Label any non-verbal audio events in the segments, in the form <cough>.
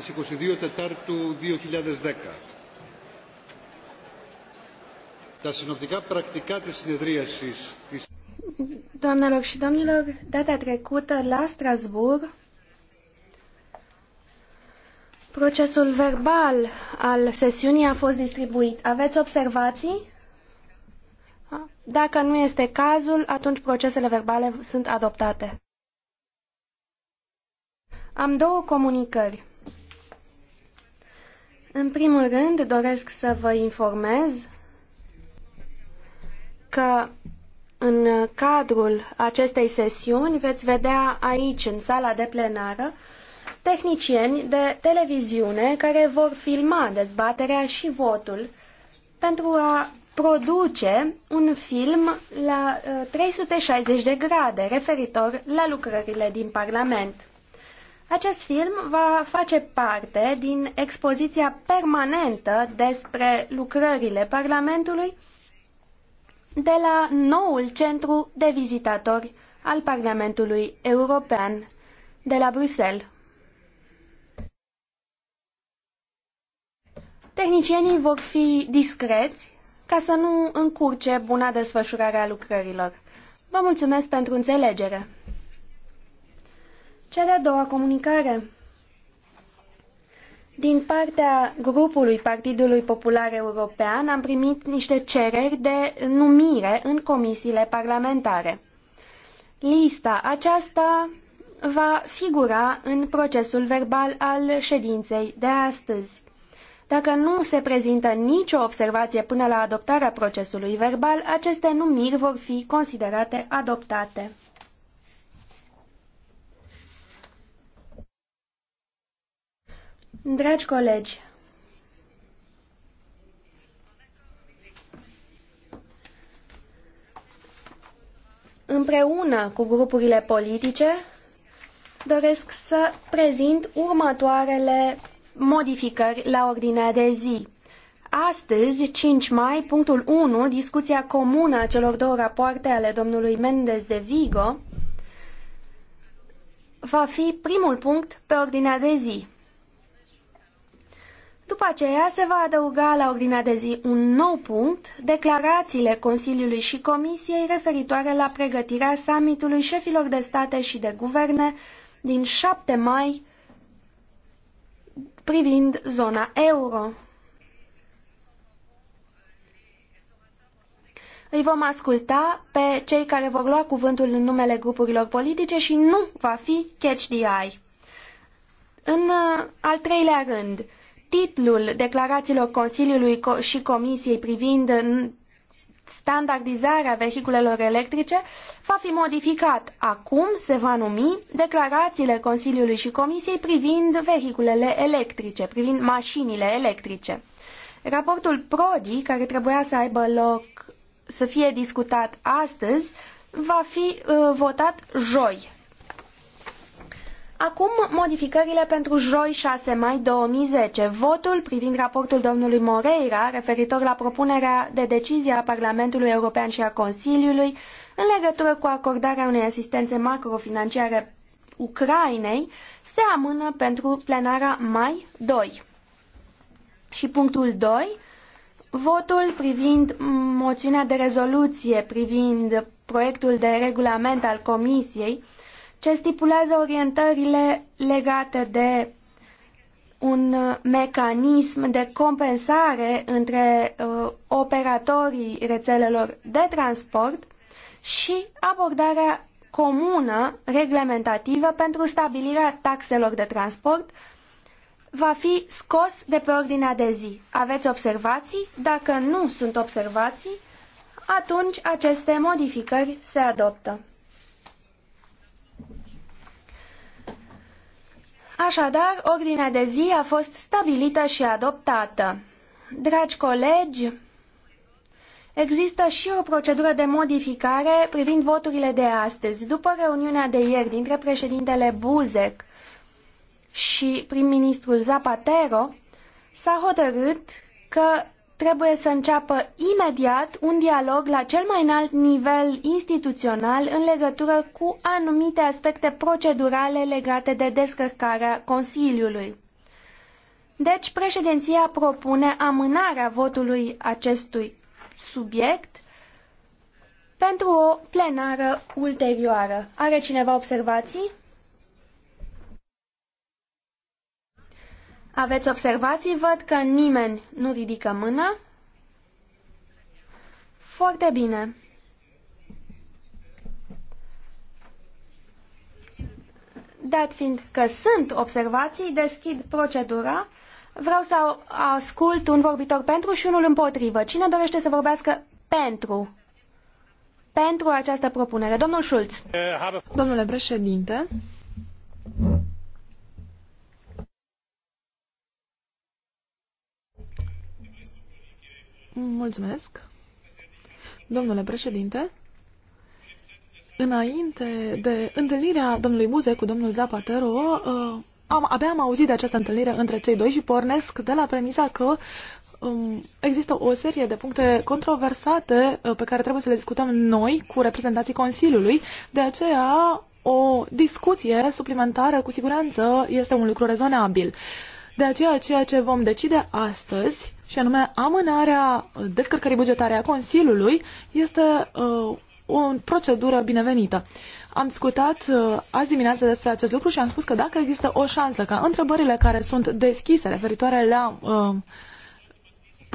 στις 22 Τετάρτου 2010. Τα συνοπτικά πρακτικά της συνεδρίασης της... Doamnelor și domnilor, data trecută la Strasburg, procesul verbal al sesiunii a fost distribuit. Aveți observații? Dacă nu este cazul, atunci procesele verbale sunt adoptate. Am două comunicări. În primul rând, doresc să vă informez că în cadrul acestei sesiuni veți vedea aici, în sala de plenară, tehnicieni de televiziune care vor filma dezbaterea și votul pentru a produce un film la 360 uh, de grade referitor la lucrările din Parlament. Acest film va face parte din expoziția permanentă despre lucrările Parlamentului de la noul centru de vizitatori al Parlamentului European de la Bruxelles. Tehnicienii vor fi discreți ca să nu încurce buna desfășurare a lucrărilor. Vă mulțumesc pentru înțelegere! Cea de-a doua comunicare. Din partea grupului Partidului Popular European am primit niște cereri de numire în comisiile parlamentare. Lista aceasta va figura în procesul verbal al ședinței de astăzi. Dacă nu se prezintă nicio observație până la adoptarea procesului verbal, aceste numiri vor fi considerate adoptate. Dragi colegi, împreună cu grupurile politice, doresc să prezint următoarele modificări la ordinea de zi. Astăzi, 5 mai, punctul 1, discuția comună a celor două rapoarte ale domnului Mendes de Vigo, va fi primul punct pe ordinea de zi. După aceea se va adăuga la ordinea de zi un nou punct, declarațiile Consiliului și Comisiei referitoare la pregătirea summitului șefilor de state și de guverne din 7 mai privind zona euro. Îi vom asculta pe cei care vor lua cuvântul în numele grupurilor politice și nu va fi catch the eye. În uh, al treilea rând, titlul declarațiilor Consiliului și Comisiei privind standardizarea vehiculelor electrice va fi modificat. Acum se va numi declarațiile Consiliului și Comisiei privind vehiculele electrice, privind mașinile electrice. Raportul Prodi, care trebuia să aibă loc să fie discutat astăzi, va fi uh, votat joi. Acum modificările pentru joi 6 mai 2010. Votul privind raportul domnului Moreira referitor la propunerea de decizie a Parlamentului European și a Consiliului în legătură cu acordarea unei asistențe macrofinanciare Ucrainei se amână pentru plenara mai 2. Și punctul 2, votul privind moțiunea de rezoluție privind proiectul de regulament al Comisiei ce stipulează orientările legate de un mecanism de compensare între uh, operatorii rețelelor de transport și abordarea comună reglementativă pentru stabilirea taxelor de transport va fi scos de pe ordinea de zi. Aveți observații? Dacă nu sunt observații, atunci aceste modificări se adoptă. Așadar, ordinea de zi a fost stabilită și adoptată. Dragi colegi, există și o procedură de modificare privind voturile de astăzi. După reuniunea de ieri dintre președintele Buzek și prim-ministrul Zapatero, s-a hotărât că trebuie să înceapă imediat un dialog la cel mai înalt nivel instituțional în legătură cu anumite aspecte procedurale legate de descărcarea Consiliului. Deci, președinția propune amânarea votului acestui subiect pentru o plenară ulterioară. Are cineva observații? Aveți observații? Văd că nimeni nu ridică mâna. Foarte bine. Dat fiind că sunt observații, deschid procedura. Vreau să ascult un vorbitor pentru și unul împotrivă. Cine dorește să vorbească pentru? Pentru această propunere. Domnul Schulz. Domnule președinte, Mulțumesc. Domnule președinte, înainte de întâlnirea domnului Buze cu domnul Zapatero, uh, am, abia am auzit de această întâlnire între cei doi și pornesc de la premisa că um, există o serie de puncte controversate uh, pe care trebuie să le discutăm noi cu reprezentanții Consiliului. De aceea, o discuție suplimentară cu siguranță este un lucru rezonabil. Uh, de aceea, ceea ce vom decide astăzi, și anume amânarea descărcării bugetare a Consiliului, este uh, o procedură binevenită. Am discutat uh, azi dimineață despre acest lucru și am spus că dacă există o șansă ca întrebările care sunt deschise referitoare la uh,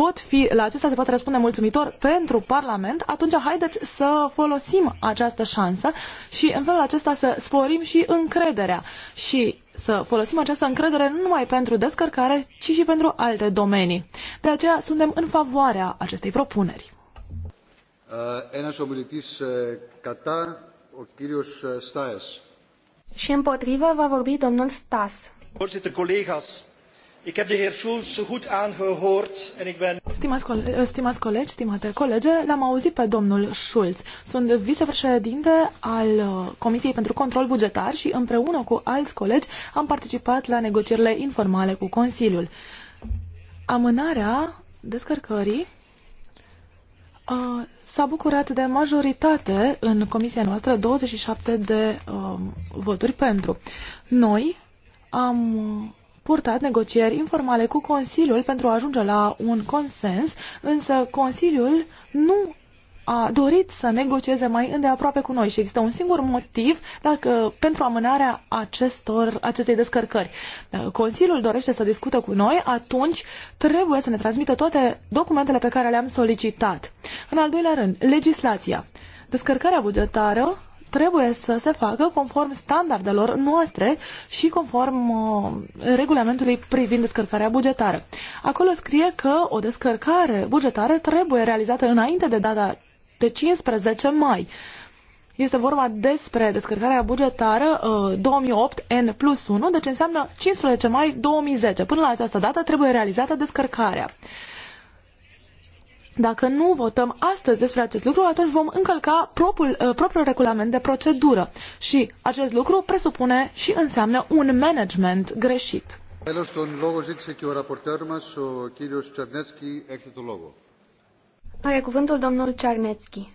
pot fi, la acesta se poate răspunde mulțumitor pentru Parlament, atunci haideți să folosim această șansă și în felul acesta să sporim și încrederea și să folosim această încredere nu numai pentru descărcare, ci și pentru alte domenii. De aceea suntem în favoarea acestei propuneri. Uh, uh, uh, și împotrivă va vorbi domnul Stas. Stimați, colegi, stimate colege, l-am auzit pe domnul Schulz. Sunt vicepreședinte al eh, Comisiei pentru Control Bugetar și împreună cu alți colegi am participat la negocierile informale cu Consiliul. Amânarea descărcării eh, S-a bucurat de majoritate în comisia noastră 27 de um, voturi pentru. Noi am purtat negocieri informale cu Consiliul pentru a ajunge la un consens, însă Consiliul nu a dorit să negocieze mai îndeaproape cu noi și există un singur motiv dacă, pentru amânarea acestor, acestei descărcări. Consiliul dorește să discută cu noi, atunci trebuie să ne transmită toate documentele pe care le-am solicitat. În al doilea rând, legislația. Descărcarea bugetară trebuie să se facă conform standardelor noastre și conform uh, regulamentului privind descărcarea bugetară. Acolo scrie că o descărcare bugetară trebuie realizată înainte de data de 15 mai. Este vorba despre descărcarea bugetară uh, 2008 N plus 1, deci înseamnă 15 mai 2010. Până la această dată trebuie realizată descărcarea. Uh, dacă nu votăm astăzi despre acest lucru, atunci vom încălca propriul, uh, propriul regulament de procedură și acest lucru presupune și înseamnă un management greșit. Are cuvântul domnul Czarnecki.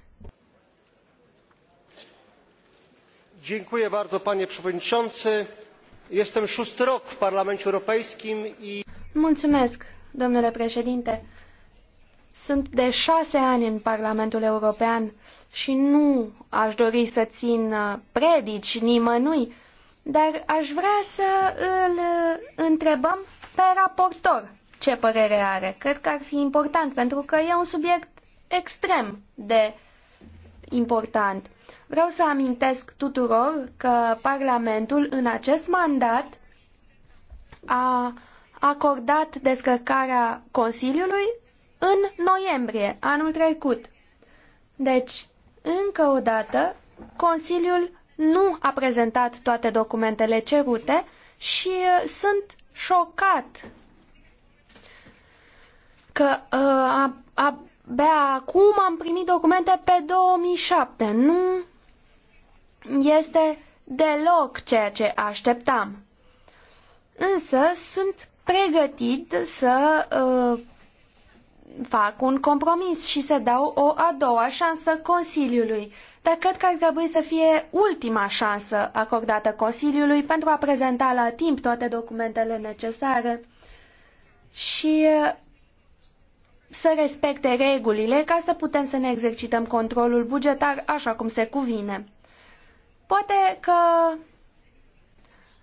Dziękuję bardzo, panie przewodniczący. Jestem szósty rok w Parlamencie Europejskim i... Mulțumesc, domnule președinte. Sunt de șase ani în Parlamentul European și nu aș dori să țin uh, predici nimănui, dar aș vrea să îl uh, întrebăm pe raportor ce părere are. Cred că ar fi important, pentru că e un subiect extrem de important. Vreau să amintesc tuturor că Parlamentul în acest mandat a acordat descărcarea Consiliului în noiembrie anul trecut. Deci, încă o dată, Consiliul nu a prezentat toate documentele cerute și uh, sunt șocat că uh, a, a, abia acum am primit documente pe 2007. Nu este deloc ceea ce așteptam. Însă sunt pregătit să uh, fac un compromis și să dau o a doua șansă Consiliului, dar cred că ar trebui să fie ultima șansă acordată Consiliului pentru a prezenta la timp toate documentele necesare și să respecte regulile ca să putem să ne exercităm controlul bugetar așa cum se cuvine. Poate că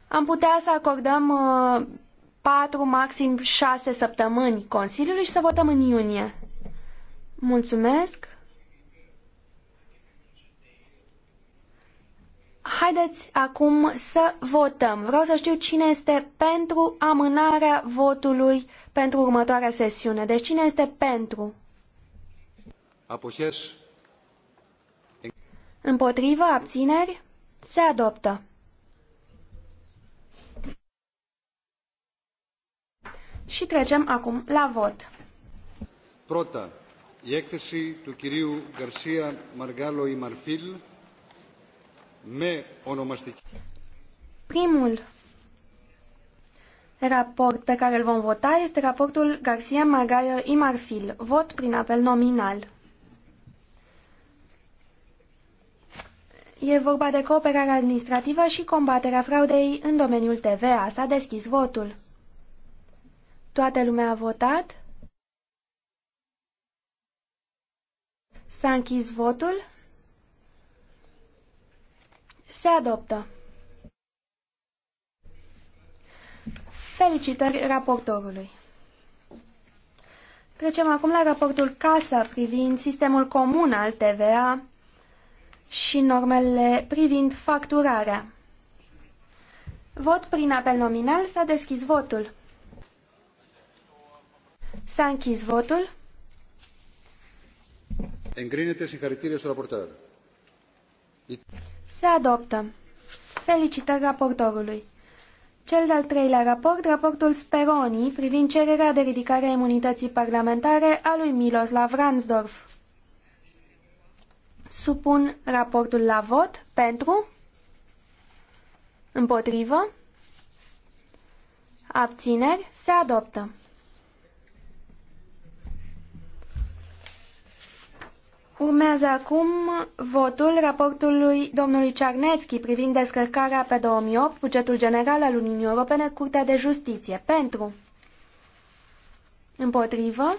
am putea să acordăm uh, 4, maxim 6 săptămâni Consiliului și să votăm în iunie. Mulțumesc! Haideți acum să votăm. Vreau să știu cine este pentru amânarea votului pentru următoarea sesiune. Deci cine este pentru? Apuheș. Împotrivă, abțineri, se adoptă. Și trecem acum la vot. Prota. Η έκθεση του κυρίου Γκαρσία Μαργάλο Ιμαρφίλ με ονομαστική. Primul raport pe care îl vom vota este raportul Garcia Margallo Imarfil, vot prin apel nominal. E vorba de cooperarea administrativă și combaterea fraudei în domeniul TVA. S-a deschis votul. Toată lumea a votat? S-a închis votul? Se adoptă. Felicitări raportorului. Trecem acum la raportul CASA privind sistemul comun al TVA și normele privind facturarea. Vot prin apel nominal s-a deschis votul. S-a închis votul. Îngrinete singharitire Se adoptă. Felicitări raportorului. Cel de-al treilea raport, raportul Speroni, privind cererea de ridicare a imunității parlamentare a lui Miloslav Ransdorf. Supun raportul la vot pentru, împotrivă, abțineri, se adoptă. Urmează acum votul raportului domnului Cernețchi privind descărcarea pe 2008, bugetul general al Uniunii Europene, Curtea de Justiție. Pentru. Împotrivă.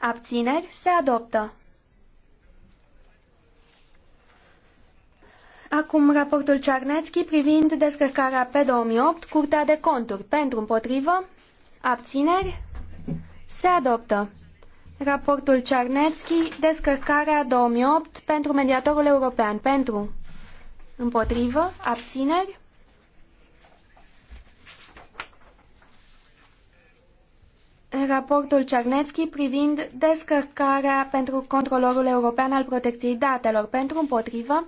Abțineri. Se adoptă. Acum raportul Cernețchi privind descărcarea pe 2008, Curtea de Conturi. Pentru. Împotrivă. Abțineri. Se adoptă. Raportul Cernețchi, descărcarea 2008 pentru mediatorul european. Pentru, împotrivă, abțineri. Raportul Cernețchi privind descărcarea pentru controlorul european al protecției datelor. Pentru, împotrivă,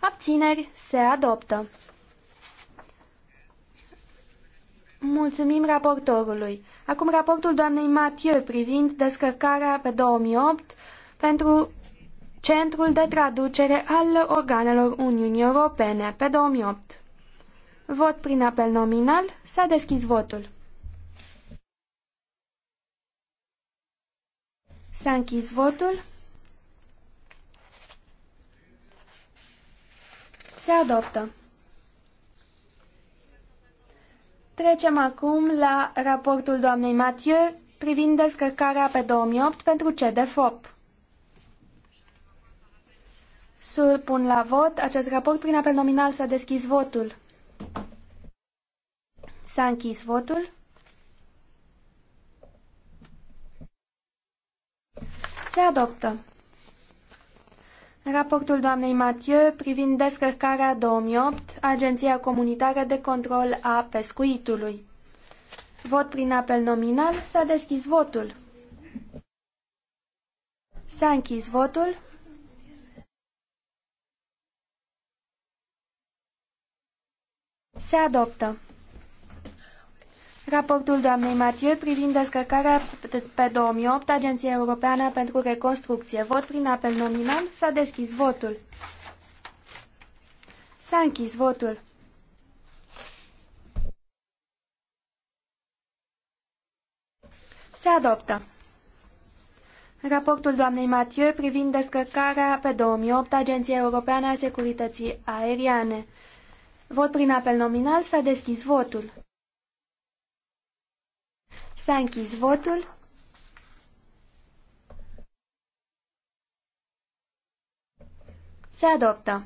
abțineri, se adoptă. Mulțumim raportorului. Acum raportul doamnei Mathieu privind descărcarea pe 2008 pentru Centrul de traducere al organelor Uniunii Europene pe 2008. Vot prin apel nominal. S-a deschis votul. S-a închis votul. Se adoptă. Trecem acum la raportul doamnei Mathieu privind descărcarea pe 2008 pentru CDFOP. Surpun la vot acest raport prin apel nominal s-a deschis votul. S-a închis votul. Se adoptă. Raportul doamnei Mathieu privind descărcarea 2008, Agenția Comunitară de Control a Pescuitului. Vot prin apel nominal. S-a deschis votul. S-a închis votul. Se adoptă. Raportul doamnei Mathieu privind descărcarea pe 2008 Agenției Europeană pentru Reconstrucție. Vot prin apel nominal. S-a deschis votul. S-a închis votul. Se adoptă. Raportul doamnei Mathieu privind descărcarea pe 2008 Agenției Europeană a Securității Aeriane. Vot prin apel nominal. S-a deschis votul. S-a închis votul. Se adoptă.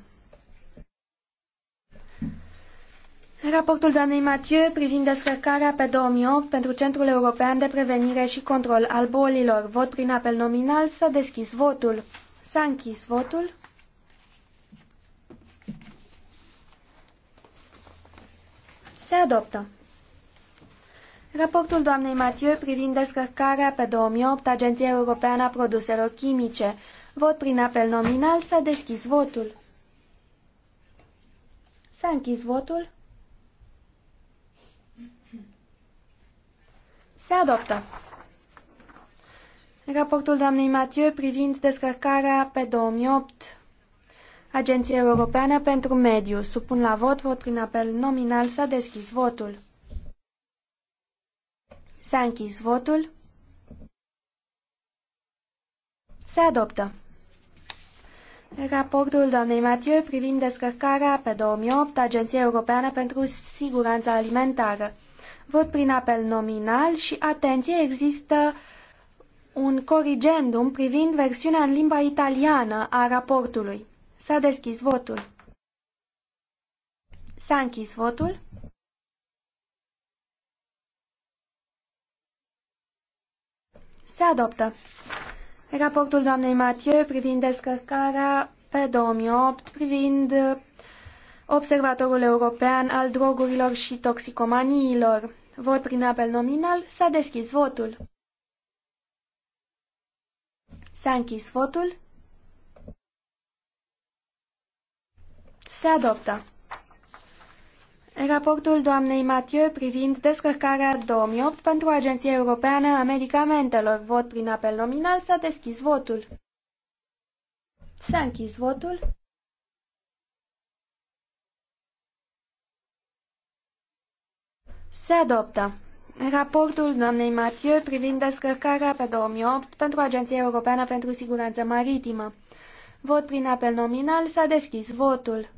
Raportul doamnei Mathieu privind descărcarea pe 2008 pentru Centrul European de Prevenire și Control al Bolilor. Vot prin apel nominal. S-a deschis votul. S-a închis votul. Se adoptă. Raportul doamnei Mathieu privind descărcarea pe 2008 Agenției Europeană a Produselor Chimice. Vot prin apel nominal. S-a deschis votul. S-a închis votul. Se adoptă. Raportul doamnei Mathieu privind descărcarea pe 2008 Agenției Europeană pentru Mediu. Supun la vot, vot prin apel nominal, s-a deschis votul. S-a închis votul. Se adoptă. Raportul doamnei Mathieu privind descărcarea pe 2008 Agenției Europeană pentru Siguranța Alimentară. Vot prin apel nominal și, atenție, există un corrigendum privind versiunea în limba italiană a raportului. S-a deschis votul. S-a închis votul. Se adoptă. Raportul doamnei Mathieu privind descărcarea pe 2008, privind Observatorul European al Drogurilor și Toxicomaniilor. Vot prin apel nominal. S-a deschis votul. S-a închis votul. Se adoptă. Raportul doamnei Mathieu privind descărcarea 2008 pentru Agenția Europeană a Medicamentelor. Vot prin apel nominal. S-a deschis votul. S-a închis votul. Se adoptă. Raportul doamnei Mathieu privind descărcarea pe 2008 pentru Agenția Europeană pentru Siguranță Maritimă. Vot prin apel nominal. S-a deschis votul.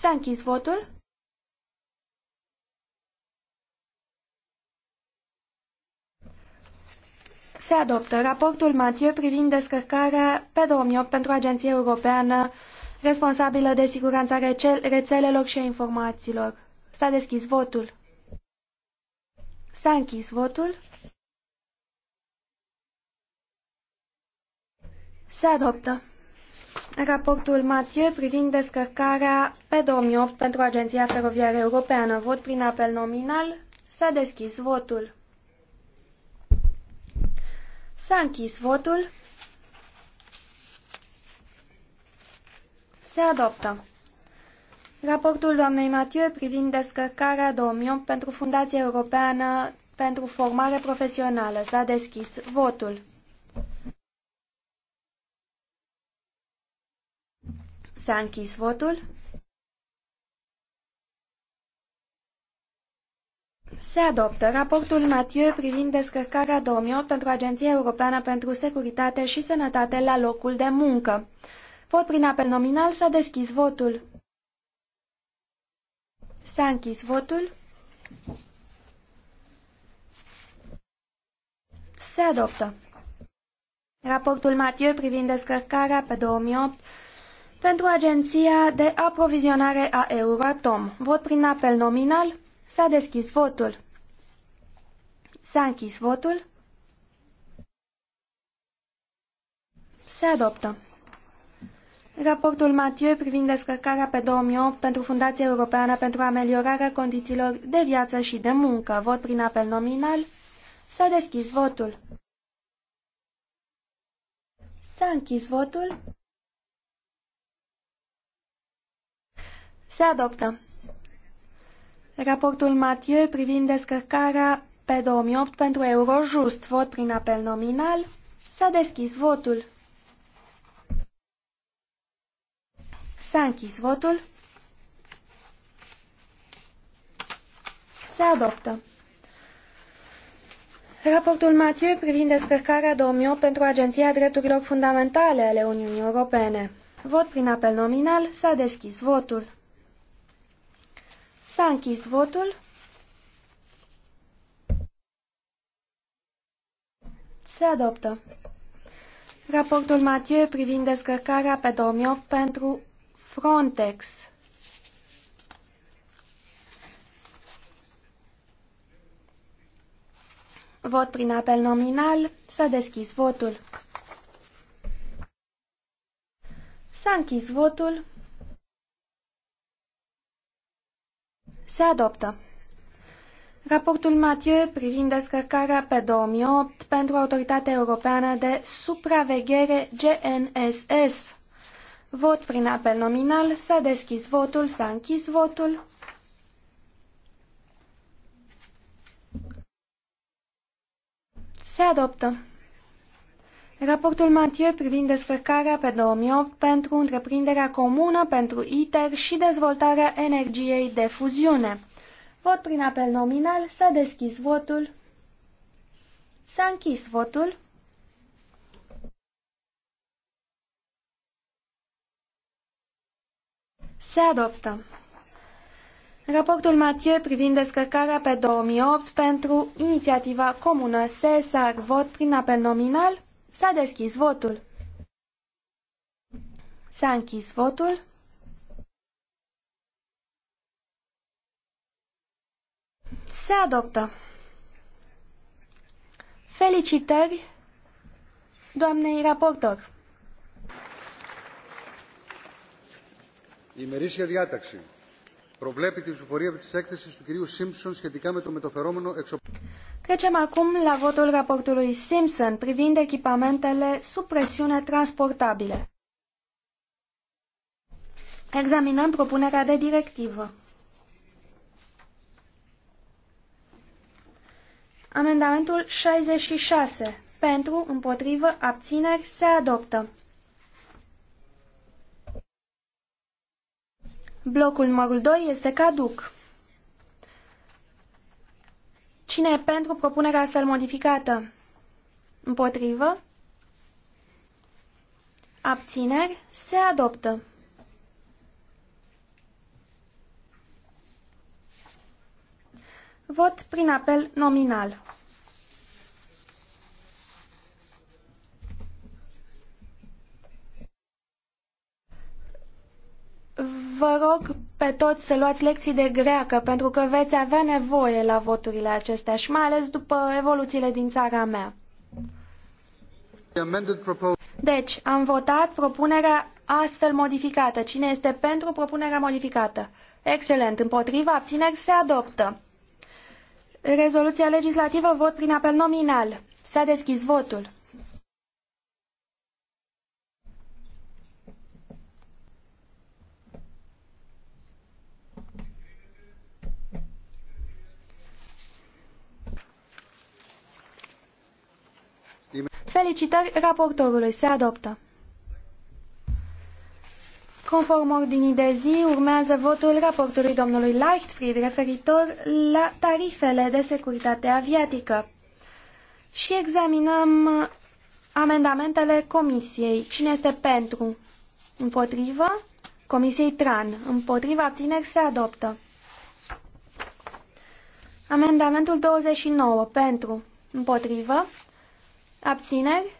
S-a închis votul. Se adoptă raportul Mathieu privind descărcarea pe 2008 pentru Agenția Europeană responsabilă de siguranța rețelelor și a informațiilor. S-a deschis votul. S-a închis votul. Se adoptă. Raportul Mathieu privind descărcarea pe 2008 pentru Agenția Feroviară Europeană. Vot prin apel nominal. S-a deschis votul. S-a închis votul. Se adoptă. Raportul doamnei Mathieu privind descărcarea 2008 pentru Fundația Europeană pentru Formare Profesională. S-a deschis votul. S-a închis votul. Se adoptă raportul Mathieu privind descărcarea 2008 pentru Agenția Europeană pentru Securitate și Sănătate la locul de muncă. Vot prin apel nominal s-a deschis votul. S-a închis votul. Se adoptă. Raportul Mathieu privind descărcarea pe 2008 pentru Agenția de Aprovizionare a Euratom. Vot prin apel nominal. S-a deschis votul. S-a închis votul. Se adoptă. Raportul Mathieu privind descărcarea pe 2008 pentru Fundația Europeană pentru ameliorarea condițiilor de viață și de muncă. Vot prin apel nominal. S-a deschis votul. S-a închis votul. Se adoptă. Raportul Mathieu privind descărcarea pe 2008 pentru Eurojust, vot prin apel nominal, s-a deschis votul. S-a închis votul. Se adoptă. Raportul Mathieu privind descărcarea 2008 pentru Agenția Drepturilor Fundamentale ale Uniunii Europene. Vot prin apel nominal, s-a deschis votul. S-a închis votul. Se adoptă. Raportul Mathieu privind descărcarea pe 2008 pentru Frontex. Vot prin apel nominal. S-a deschis votul. S-a închis votul. Se adoptă. Raportul Mathieu privind descărcarea pe 2008 pentru Autoritatea Europeană de Supraveghere GNSS. Vot prin apel nominal. S-a deschis votul, s-a închis votul. Se adoptă. Raportul Mathieu privind descărcarea pe 2008 pentru întreprinderea comună pentru ITER și dezvoltarea energiei de fuziune. Vot prin apel nominal. S-a deschis votul. S-a închis votul. Se adoptă. Raportul Mathieu privind descărcarea pe 2008 pentru inițiativa comună SESAR. Vot prin apel nominal. S-a deschis votul. S-a închis votul. Se adoptă. Felicitări doamnei raportor. Ημερήσια διάταξη. Trecem acum la votul raportului Simpson privind echipamentele sub presiune transportabile. Examinăm propunerea de directivă. Amendamentul 66. Pentru, împotrivă, abțineri, se adoptă. Blocul numărul 2 este caduc. Cine e pentru propunerea astfel modificată? Împotrivă? Abțineri? Se adoptă. Vot prin apel nominal. Vă rog pe toți să luați lecții de greacă, pentru că veți avea nevoie la voturile acestea și mai ales după evoluțiile din țara mea. Deci, am votat propunerea astfel modificată. Cine este pentru propunerea modificată? Excelent. Împotriva abțineri se adoptă. Rezoluția legislativă vot prin apel nominal. S-a deschis votul. Felicitări raportorului. Se adoptă. Conform ordinii de zi, urmează votul raportului domnului Leichtfried referitor la tarifele de securitate aviatică. Și examinăm amendamentele comisiei. Cine este pentru? Împotrivă? Comisiei TRAN. Împotriva abțineri se adoptă. Amendamentul 29. Pentru. Împotrivă. Abțineri?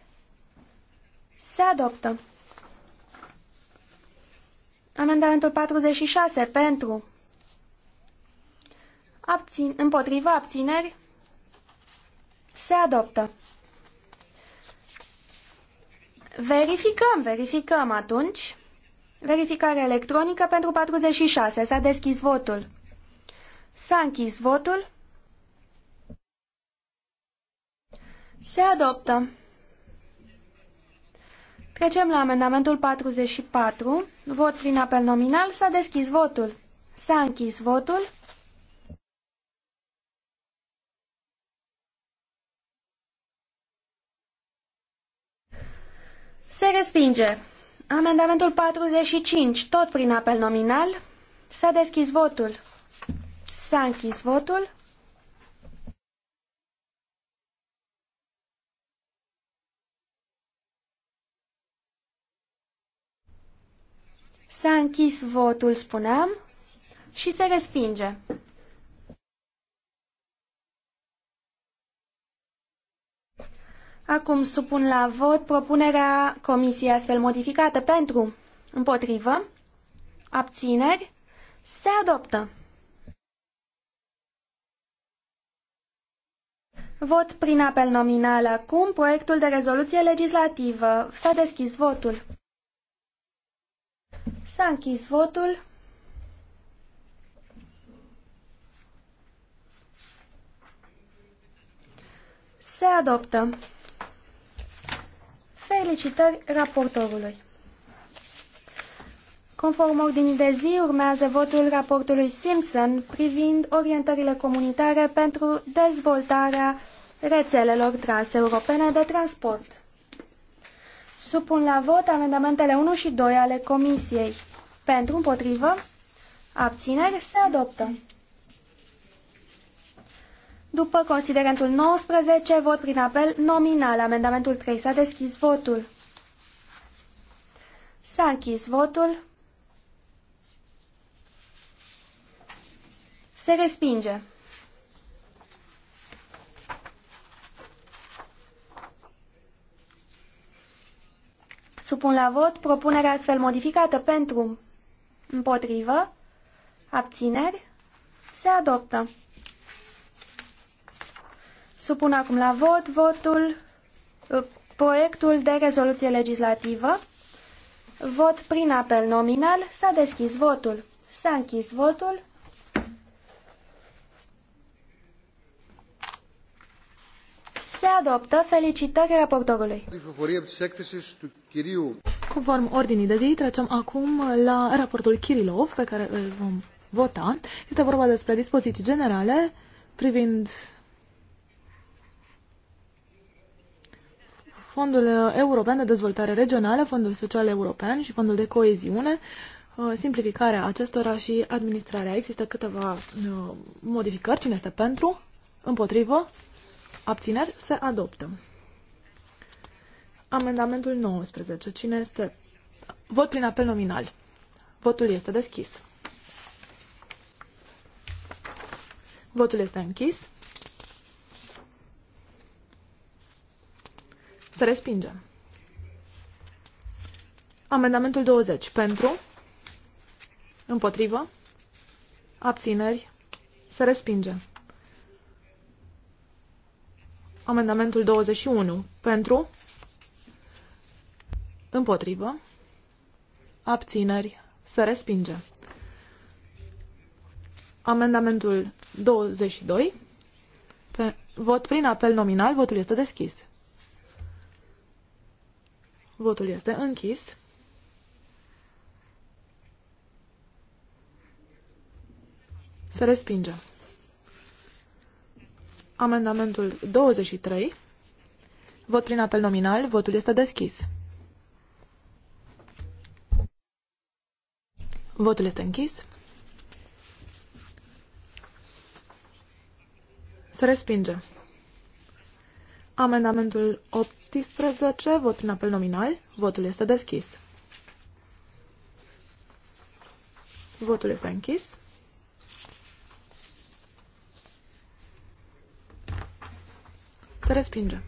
Se adoptă. Amendamentul 46 pentru abțin, împotriva abțineri se adoptă. Verificăm, verificăm atunci. Verificare electronică pentru 46. S-a deschis votul. S-a închis votul. Se adoptă. Trecem la amendamentul 44. Vot prin apel nominal. S-a deschis votul. S-a închis votul. Se respinge. Amendamentul 45, tot prin apel nominal. S-a deschis votul. S-a închis votul. S-a închis votul, spuneam, și se respinge. Acum supun la vot propunerea comisiei astfel modificată pentru, împotrivă, abțineri, se adoptă. Vot prin apel nominal acum proiectul de rezoluție legislativă. S-a deschis votul. S-a închis votul. Se adoptă. Felicitări raportorului. Conform ordinii de zi, urmează votul raportului Simpson privind orientările comunitare pentru dezvoltarea rețelelor transeuropene de transport. Supun la vot amendamentele 1 și 2 ale Comisiei. Pentru, împotrivă, abțineri, se adoptă. După considerentul 19, vot prin apel nominal. Amendamentul 3 s-a deschis votul. S-a închis votul. Se respinge. Supun la vot propunerea astfel modificată pentru Împotrivă. Abțineri. Se adoptă. Supun acum la vot votul, uh, proiectul de rezoluție legislativă. Vot prin apel nominal. S-a deschis votul. S-a închis votul. Se adoptă. Felicitări raportorului. Conform ordinii de zi, trecem acum la raportul Kirilov, pe care îl vom vota. Este vorba despre dispoziții generale privind Fondul European de Dezvoltare Regională, Fondul Social European și Fondul de Coeziune, uh, simplificarea acestora și administrarea. Există câteva uh, modificări. Cine este pentru? Împotrivă? Abțineri se adoptă. Amendamentul 19. Cine este? Vot prin apel nominal. Votul este deschis. Votul este închis. Se respinge. Amendamentul 20. Pentru. Împotrivă. Abțineri. Se respinge. Amendamentul 21. Pentru? Împotrivă? Abțineri? Se respinge. Amendamentul 22. Pe, vot prin apel nominal. Votul este deschis. Votul este închis. Se respinge. Amendamentul 23. Vot prin apel nominal. Votul este deschis. Votul este închis. Se respinge. Amendamentul 18, vot prin apel nominal. Votul este deschis. Votul este închis. Se respinge.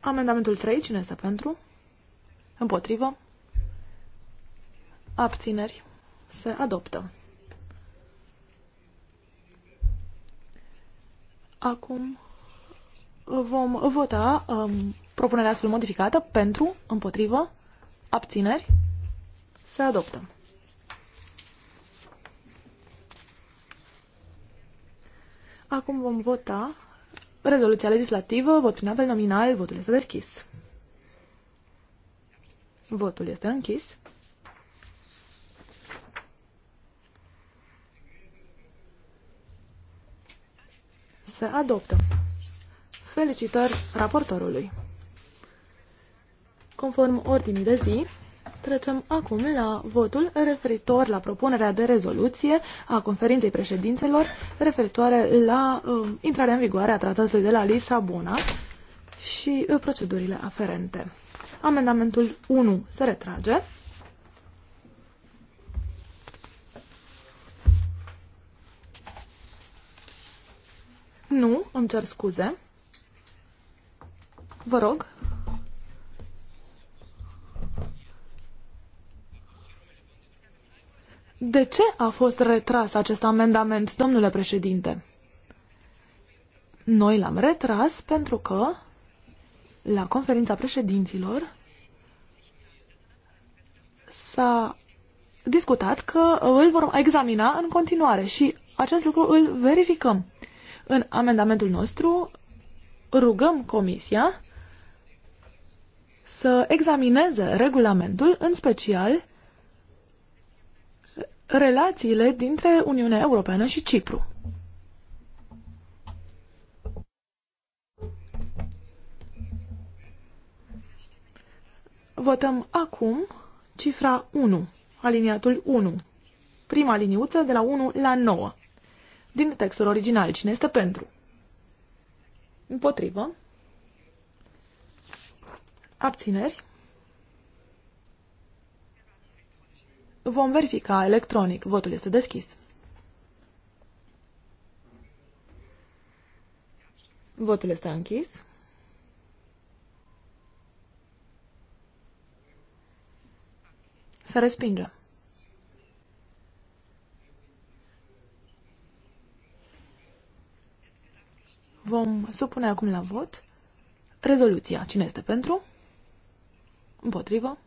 Amendamentul 3, cine este pentru? Împotrivă. Abțineri. Se adoptă. Acum vom vota um, propunerea astfel modificată pentru, împotrivă, abțineri. Se adoptă. Acum vom vota rezoluția legislativă, vot prin apel nominal, votul este deschis. Votul este închis. Se adoptă. Felicitări raportorului. Conform ordinii de zi, Trecem acum la votul referitor la propunerea de rezoluție a conferinței președințelor referitoare la uh, intrarea în vigoare a tratatului de la Lisabona și uh, procedurile aferente. Amendamentul 1 se retrage. Nu, îmi cer scuze. Vă rog. De ce a fost retras acest amendament, domnule președinte? Noi l-am retras pentru că la conferința președinților s-a discutat că îl vom examina în continuare și acest lucru îl verificăm. În amendamentul nostru rugăm Comisia să examineze regulamentul, în special relațiile dintre Uniunea Europeană și Cipru. Votăm acum cifra 1, aliniatul 1, prima liniuță de la 1 la 9, din textul original. Cine este pentru? Împotrivă. Abțineri. Vom verifica electronic. Votul este deschis. Votul este închis. Se respinge. Vom supune acum la vot rezoluția. Cine este pentru? Împotrivă?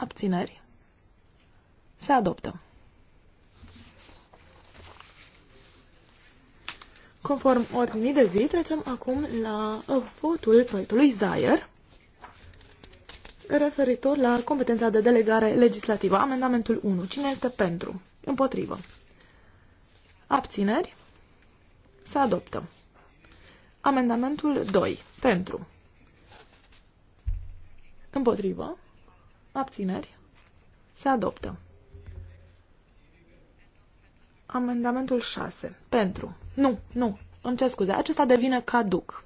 Abțineri. Se adoptă. Conform ordinii de zi, trecem acum la votul proiectului Zayer referitor la competența de delegare legislativă. Amendamentul 1. Cine este pentru? Împotrivă. Abțineri. Se adoptă. Amendamentul 2. Pentru. Împotrivă. Abțineri. Se adoptă. Amendamentul 6. Pentru. Nu, nu. Îmi cer scuze. Acesta devine caduc.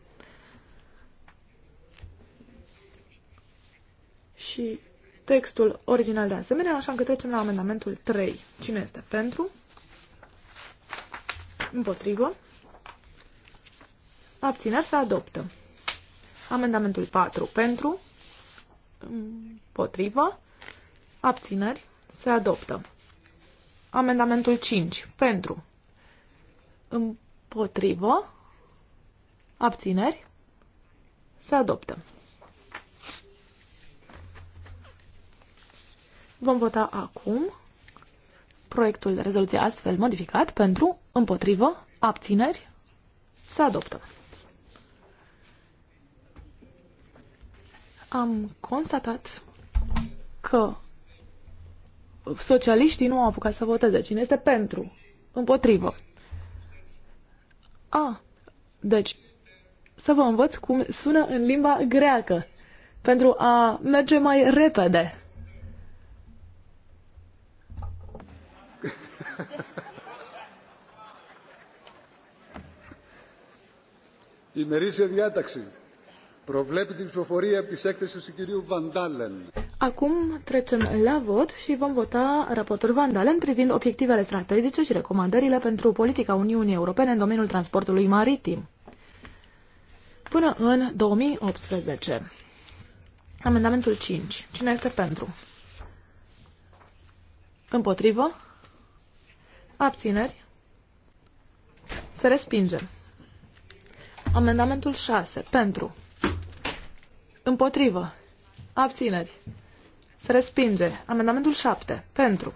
Și textul original de asemenea, așa încât trecem la amendamentul 3. Cine este pentru? Împotrivă. Abțineri se adoptă. Amendamentul 4 pentru. Împotrivă. Abțineri. Se adoptă. Amendamentul 5. Pentru. Împotrivă. Abțineri. Se adoptă. Vom vota acum proiectul de rezoluție astfel modificat pentru, împotrivă, abțineri, se adoptă. am constatat că socialiștii nu au apucat să voteze. Cine este pentru? Împotrivă. A, deci, să vă învăț cum sună în limba greacă, pentru a merge mai repede. Η μερίσια διάταξη Προβλέπει την ψηφοφορία από τις έκθεσεις του κυρίου Βαντάλεν. Acum trecem la vot și vom vota raportul Vandalen privind obiectivele strategice și recomandările pentru politica Uniunii Europene în domeniul transportului maritim până în 2018. Amendamentul 5. Cine este pentru? Împotrivă? Abțineri? Se respinge. Amendamentul 6. Pentru. Împotrivă. Abțineri. Se respinge. Amendamentul 7. Pentru.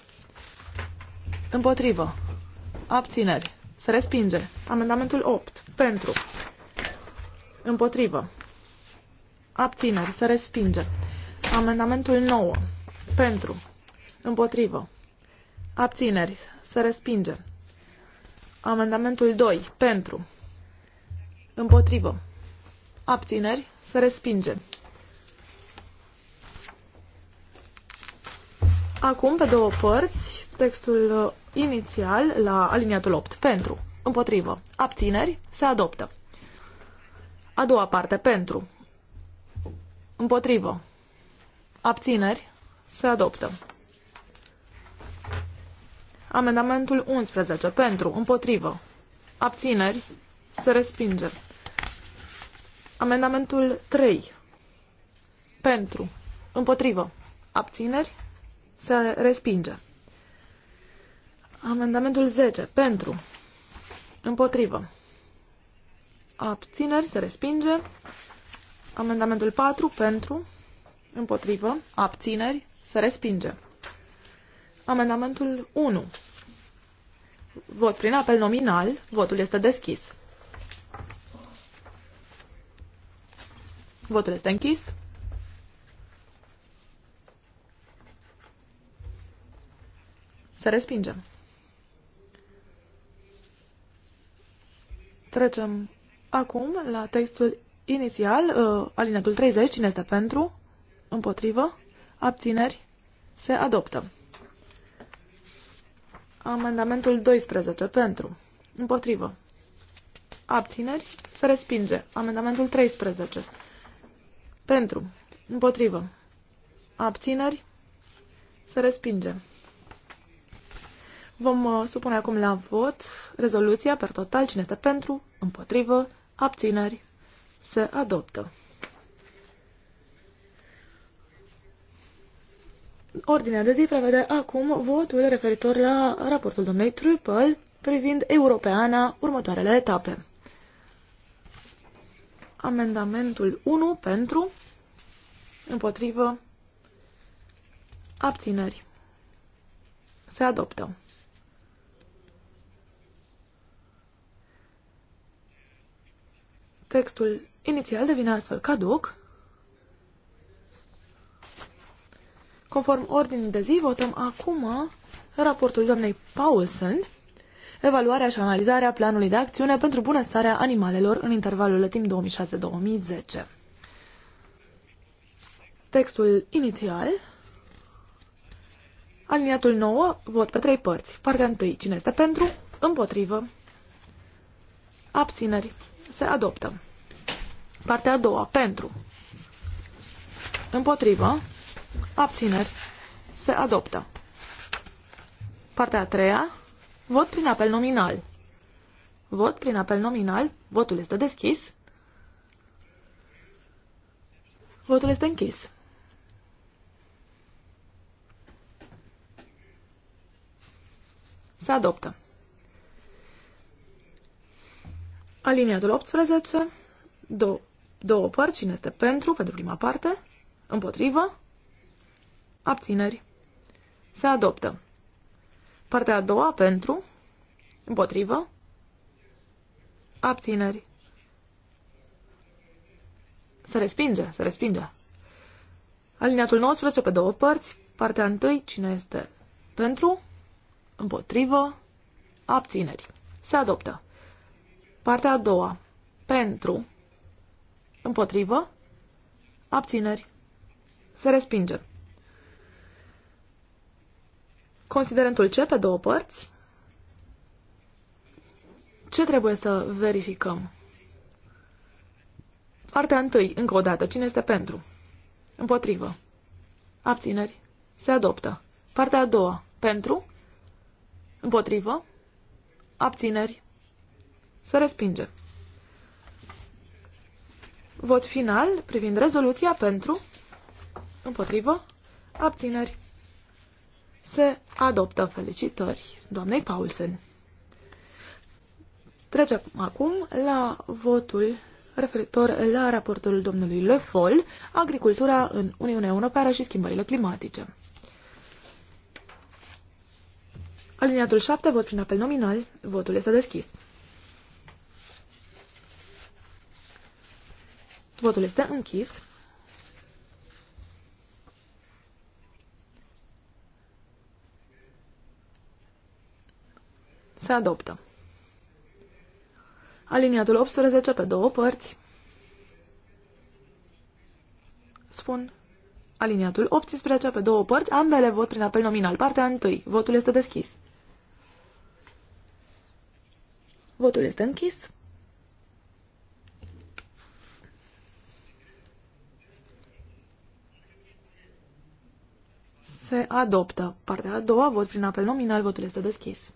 Împotrivă. Abțineri. Se respinge. Amendamentul 8. Pentru. Împotrivă. Abțineri. Se respinge. Amendamentul 9. Pentru. Împotrivă. Abțineri. Se respinge. Amendamentul 2. Pentru. Împotrivă. Abțineri. Se respinge. Acum, pe două părți, textul uh, inițial la aliniatul 8. Pentru. Împotrivă. Abțineri. Se adoptă. A doua parte. Pentru. Împotrivă. Abțineri. Se adoptă. Amendamentul 11. Pentru. Împotrivă. Abțineri. Se respinge. Amendamentul 3. Pentru. Împotrivă. Abțineri. Se respinge. Amendamentul 10. Pentru. Împotrivă. Abțineri. Se respinge. Amendamentul 4. Pentru. Împotrivă. Abțineri. Se respinge. Amendamentul 1. Vot prin apel nominal. Votul este deschis. Votul este închis. Să respingem. Trecem acum la textul inițial, uh, alineatul 30. Cine este pentru? Împotrivă? Abțineri? Se adoptă. Amendamentul 12. Pentru. Împotrivă. Abțineri? Se respinge. Amendamentul 13. Pentru. Împotrivă. Abțineri? Se respinge. Vom uh, supune acum la vot rezoluția per total. Cine este pentru? Împotrivă? Abțineri? Se adoptă. Ordinea de zi prevede acum votul referitor la raportul domnului Trupel privind europeana următoarele etape. Amendamentul 1 pentru, împotrivă, abțineri. Se adoptă. Textul inițial devine astfel caduc. Conform ordinii de zi, votăm acum raportul doamnei Paulsen, evaluarea și analizarea planului de acțiune pentru bunăstarea animalelor în intervalul de timp 2006-2010. Textul inițial, aliniatul 9, vot pe trei părți. Partea 1, cine este pentru, împotrivă, abțineri, se adoptă. Partea a doua. Pentru. Împotrivă. Abțineri. Se adoptă. Partea a treia. Vot prin apel nominal. Vot prin apel nominal. Votul este deschis. Votul este închis. Se adoptă. Aliniatul 18, 2 două părți. Cine este pentru? Pentru prima parte. Împotrivă. Abțineri. Se adoptă. Partea a doua pentru. Împotrivă. Abțineri. Se respinge, se respinge. Aliniatul 19 pe două părți. Partea întâi, cine este pentru, împotrivă, abțineri. Se adoptă. Partea a doua, pentru, Împotrivă. Abțineri. Se respinge. Considerentul ce pe două părți. Ce trebuie să verificăm? Partea întâi, încă o dată, cine este pentru? Împotrivă. Abțineri. Se adoptă. Partea a doua, pentru? Împotrivă. Abțineri. Se respinge. Vot final privind rezoluția pentru, împotrivă, abțineri. Se adoptă. Felicitări doamnei Paulsen. Trecem acum la votul referitor la raportul domnului Le Foll, Agricultura în Uniunea Europeană și schimbările climatice. Aliniatul 7, vot prin apel nominal, votul este deschis. Votul este închis. Se adoptă. Aliniatul 18 pe două părți. Spun aliniatul 18 pe două părți, ambele vot prin apel nominal. Partea 1. Votul este deschis. Votul este închis. se adoptă. Partea a doua, vot prin apel nominal, votul este deschis.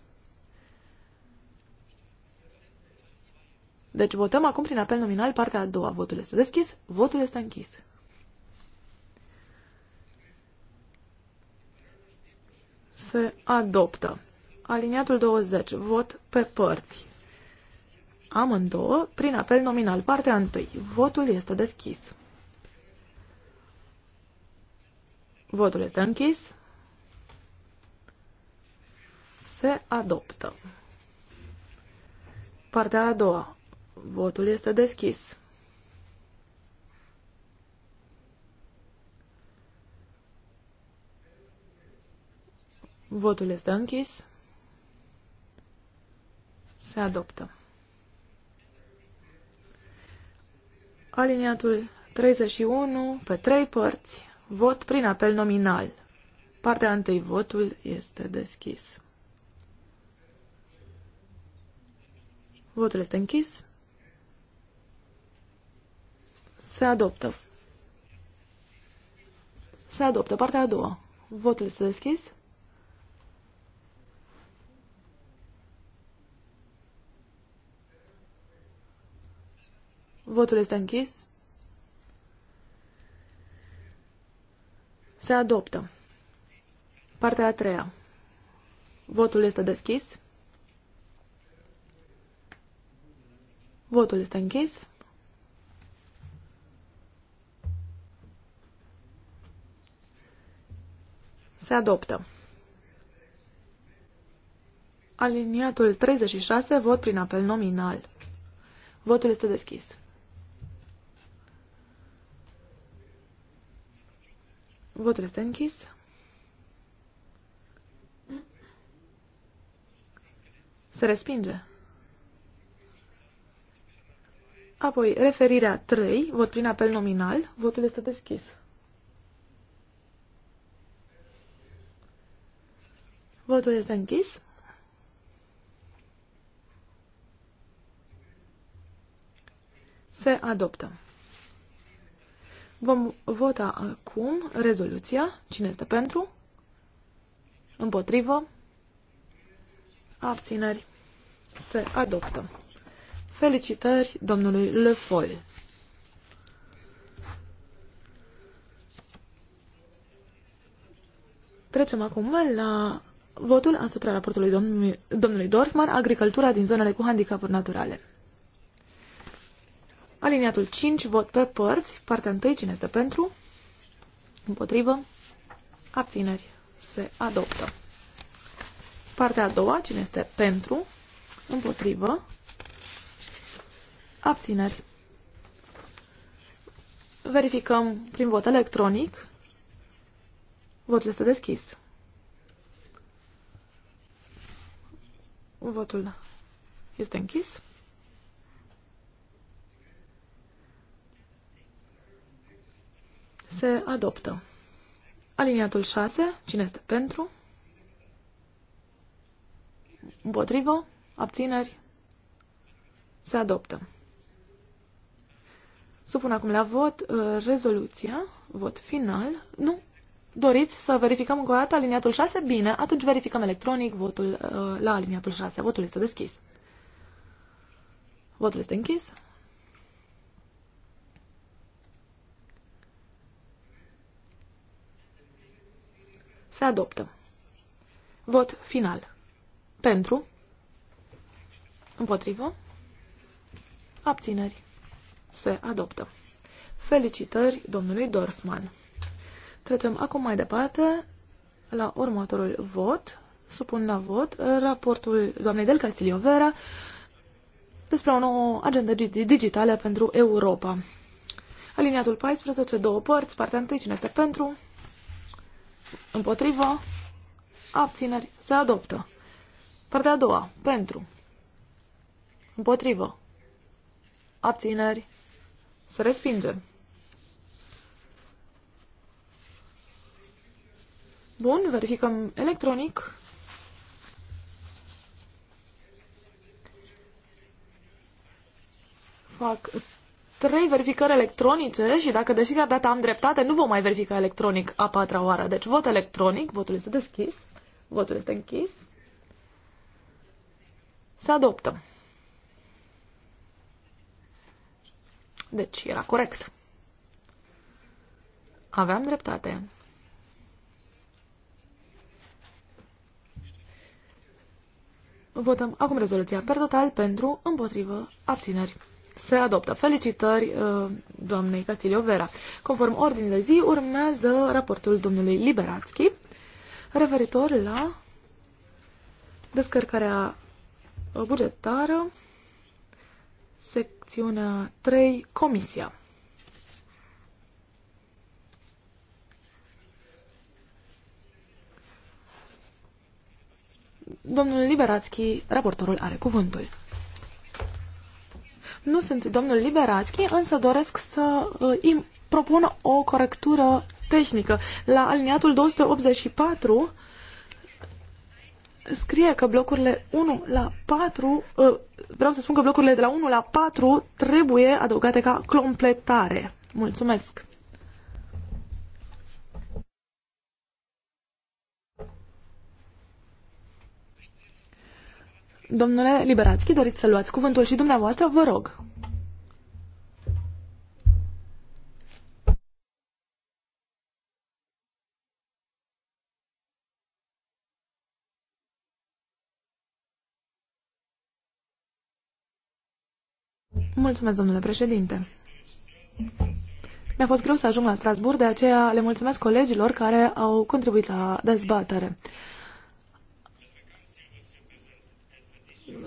Deci votăm acum prin apel nominal partea a doua. Votul este deschis, votul este închis. Se adoptă. Aliniatul 20. Vot pe părți. Amândouă, prin apel nominal, partea întâi, Votul este deschis. Votul este închis. Se adoptă. Partea a doua. Votul este deschis. Votul este închis. Se adoptă. Aliniatul 31 pe trei părți. Vot prin apel nominal. Partea întâi, votul este deschis. Votul este închis. Se adoptă. Se adoptă. Partea a doua. Votul este deschis. Votul este închis. Se adoptă. Partea a treia. Votul este deschis. Votul este închis. Se adoptă. Aliniatul 36, vot prin apel nominal. Votul este deschis. Votul este închis. Se respinge. Apoi, referirea 3, vot prin apel nominal, votul este deschis. Votul este închis. Se adoptă. Vom vota acum rezoluția. Cine este pentru? Împotrivă? Abțineri? Se adoptă. Felicitări domnului Le Foll. Trecem acum la votul asupra raportului domnului, domnului Dorfman, agricultura din zonele cu handicapuri naturale. Aliniatul 5, vot pe părți, partea 1, cine este pentru? Împotrivă. Abțineri. Se adoptă. Partea a doua, cine este pentru? Împotrivă. Abțineri. Verificăm prin vot electronic. Votul este deschis. Votul este închis. Se adoptă. Aliniatul 6. Cine este pentru? Împotrivă? Abțineri? Se adoptă. Supun acum la vot uh, rezoluția, vot final. Nu? Doriți să verificăm încă o dată aliniatul 6? Bine, atunci verificăm electronic votul uh, la aliniatul 6. Votul este deschis. Votul este închis. Se adoptă. Vot final. Pentru. Împotrivă. Abțineri. Se adoptă. Felicitări domnului Dorfman. Trecem acum mai departe la următorul vot. Supun la vot raportul doamnei Del Castillo Vera despre o nouă agendă digitală pentru Europa. Aliniatul 14, două părți, partea 1, cine este pentru, Împotrivă. Abțineri. Se adoptă. Partea a doua. Pentru. Împotrivă. Abțineri. Se respinge. Bun, verificăm electronic. Fac trei verificări electronice și dacă de fiecare dată am dreptate, nu vom mai verifica electronic a patra oară. Deci vot electronic, votul este deschis, votul este închis. Se adoptă. Deci era corect. Aveam dreptate. Votăm acum rezoluția per total pentru, împotrivă, abțineri se adoptă. Felicitări uh, doamnei Castilio Vera. Conform ordinii de zi, urmează raportul domnului Liberatski referitor la descărcarea bugetară, secțiunea 3, Comisia. Domnul Liberațchi, raportorul are cuvântul. Nu sunt domnul Liberațchi, însă doresc să îi uh, propun o corectură tehnică. La aliniatul 284 scrie că blocurile 1 la 4, uh, vreau să spun că blocurile de la 1 la 4 trebuie adăugate ca completare. Mulțumesc! Domnule Liberațchi, doriți să luați cuvântul și dumneavoastră, vă rog. Mulțumesc, domnule președinte. Mi-a fost greu să ajung la Strasbourg, de aceea le mulțumesc colegilor care au contribuit la dezbatere.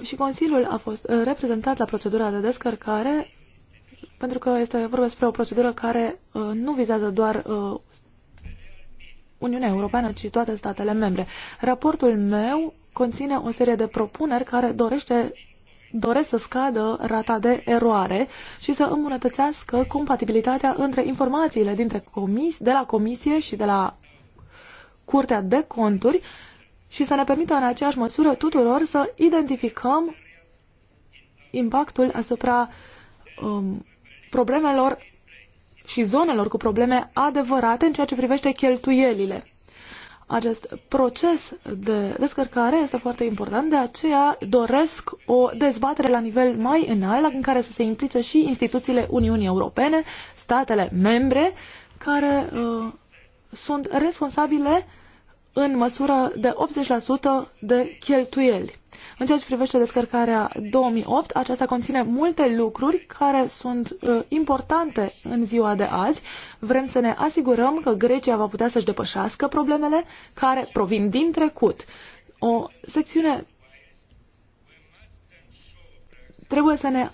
și Consiliul a fost uh, reprezentat la procedura de descărcare pentru că este vorba despre o procedură care uh, nu vizează doar uh, Uniunea Europeană, ci toate statele membre. Raportul meu conține o serie de propuneri care dorește doresc să scadă rata de eroare și să îmbunătățească compatibilitatea între informațiile dintre comis, de la comisie și de la Curtea de Conturi și să ne permită în aceeași măsură tuturor să identificăm impactul asupra um, problemelor și zonelor cu probleme adevărate în ceea ce privește cheltuielile. Acest proces de descărcare este foarte important, de aceea doresc o dezbatere la nivel mai înalt, în care să se implice și instituțiile Uniunii Europene, statele membre, care uh, sunt responsabile uh, în măsură de 80% de cheltuieli. În ceea ce privește descărcarea 2008, aceasta conține multe lucruri care sunt uh, importante în ziua de azi. Vrem să ne asigurăm că Grecia va putea să-și depășească problemele care provin din trecut. O secțiune trebuie să ne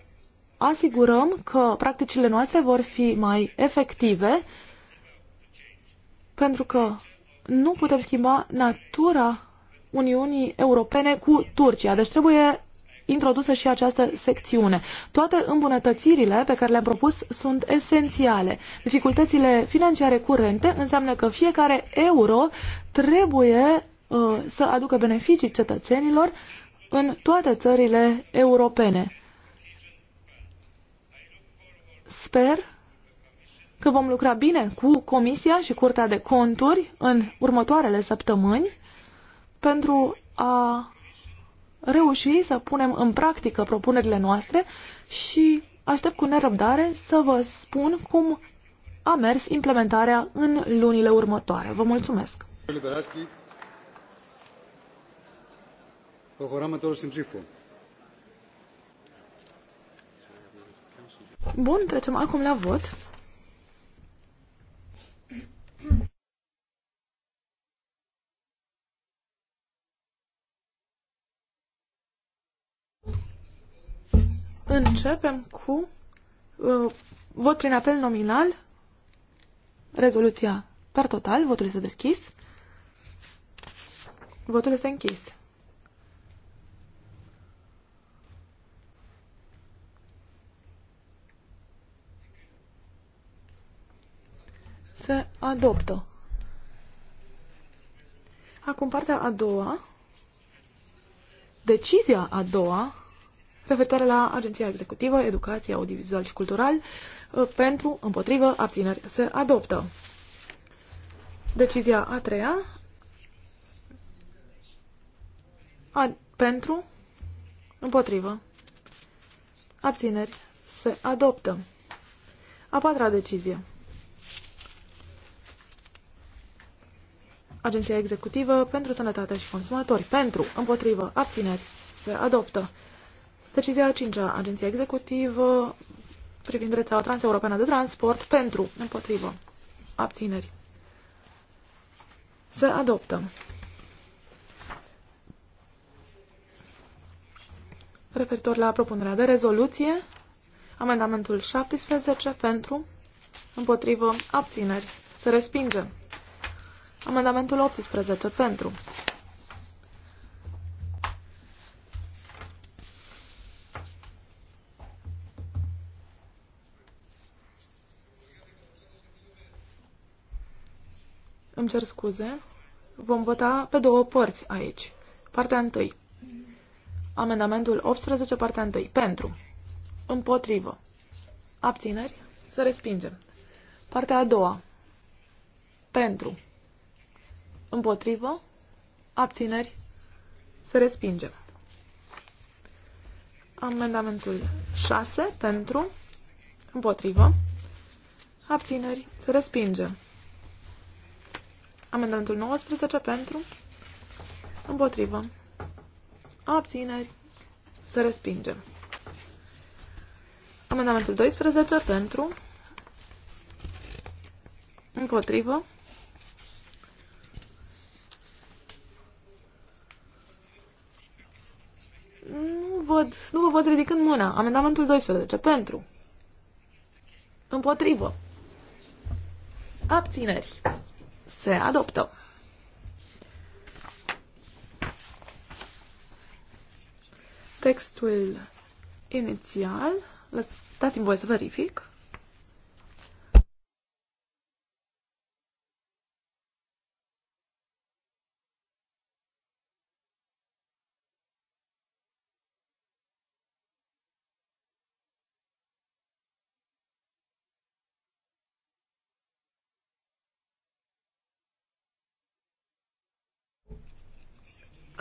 asigurăm că practicile noastre vor fi mai efective pentru că nu putem schimba natura Uniunii Europene cu Turcia. Deci trebuie introdusă și această secțiune. Toate îmbunătățirile pe care le-am propus sunt esențiale. Dificultățile financiare curente înseamnă că fiecare euro trebuie uh, să aducă beneficii cetățenilor în toate țările europene. Sper că vom lucra bine cu Comisia și Curtea de Conturi în următoarele săptămâni pentru a reuși să punem în practică propunerile noastre și aștept cu nerăbdare să vă spun cum a mers implementarea în lunile următoare. Vă mulțumesc! Bun, trecem acum la vot. Începem cu uh, vot prin apel nominal. Rezoluția per total. Votul este deschis. Votul este închis. Se adoptă. Acum partea a doua. Decizia a doua referitoare la Agenția Executivă, Educație, Audiovizual și Cultural, uh, pentru, împotrivă, abțineri se adoptă. Decizia a treia, a, pentru, împotrivă, abțineri se adoptă. A patra decizie. Agenția Executivă pentru Sănătate și Consumatori. Pentru, împotrivă, abțineri se adoptă. Decizia 5 -a, Agenția Executivă privind rețeaua transeuropeană de transport pentru, împotrivă, abțineri. Se adoptă. Referitor la propunerea de rezoluție, amendamentul 17 pentru, împotrivă, abțineri. Se respinge. Amendamentul 18 pentru, îmi cer scuze, vom vota pe două părți aici. Partea întâi. Amendamentul 18, partea 1. Pentru. Împotrivă. Abțineri. Să respingem. Partea a doua. Pentru. Împotrivă. Abțineri. Să respingem. Amendamentul 6. Pentru. Împotrivă. Abțineri. Să respingem. Amendamentul 19 pentru, împotrivă, abțineri, Să respingem. Amendamentul 12 pentru, împotrivă, nu văd, nu vă văd ridicând mâna. Amendamentul 12 pentru, împotrivă, abțineri se adoptă. Textul inițial, lăsați mi voie să verific.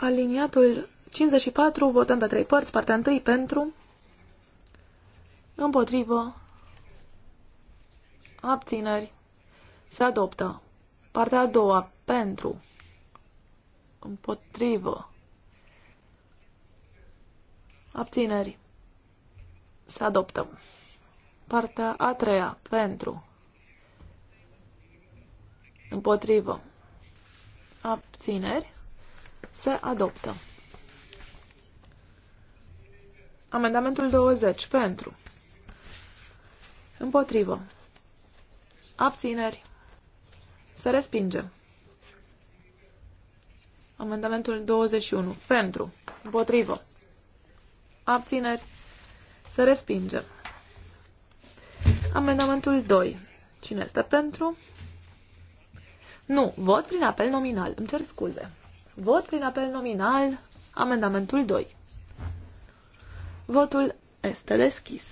Aliniatul 54, votăm pe trei părți, partea 1 pentru, împotrivă, abțineri, se adoptă. Partea a doua, pentru, împotrivă, abțineri, se adoptă. Partea a treia, pentru, împotrivă, abțineri, se adoptă. Amendamentul 20. Pentru. Împotrivă. Abțineri. Se respinge. Amendamentul 21. Pentru. Împotrivă. Abțineri. Se respinge. Amendamentul 2. Cine este pentru? Nu. Vot prin apel nominal. Îmi cer scuze. Vot prin apel nominal, amendamentul 2. Votul este deschis.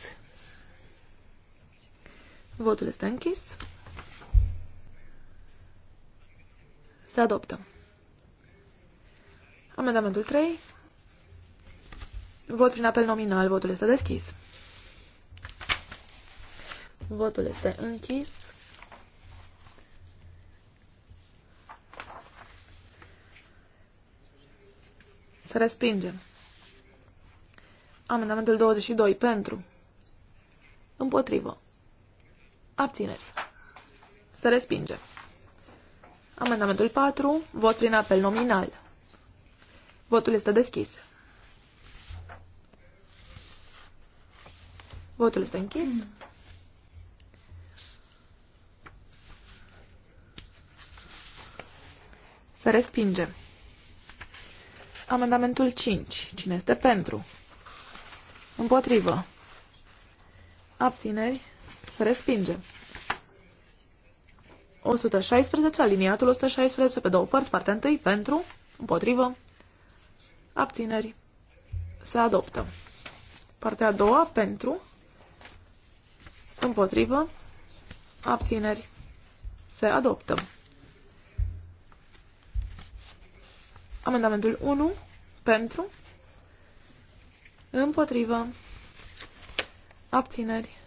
Votul este închis. Se adoptă. Amendamentul 3. Vot prin apel nominal. Votul este deschis. Votul este închis. să respingem Amendamentul 22. Pentru. Împotrivă. Abțineri. să respinge. Amendamentul 4. Vot prin apel nominal. Votul este deschis. Votul este închis. să respingem Amendamentul 5. Cine este pentru? Împotrivă. Abțineri. Se respinge. 116, aliniatul 116 pe două părți, partea întâi, pentru, împotrivă, abțineri, se adoptă. Partea a doua, pentru, împotrivă, abțineri, se adoptă. Amendamentul 1 pentru, împotrivă, abțineri.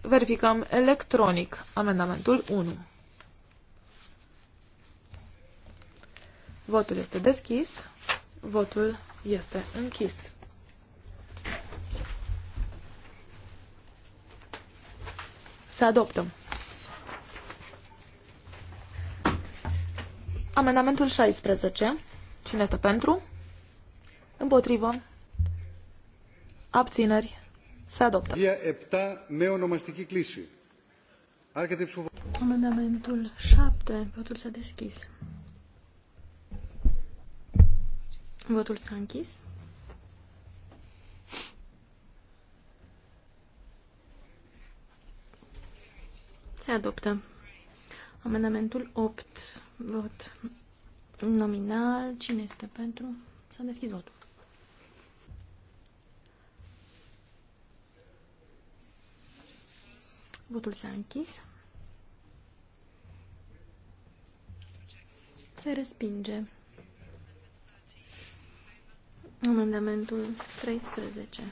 Verificăm electronic amendamentul 1. Votul este deschis. Votul este închis. Se adoptă. Amendamentul 16. Cine este pentru? Împotrivă. Abțineri. Se adoptă. Amendamentul 7. Votul s-a deschis. Votul s-a închis. Se adoptă. Amendamentul 8. Vot nominal. Cine este pentru? S-a deschis votul. Votul s-a închis. Se respinge. Amendamentul 13.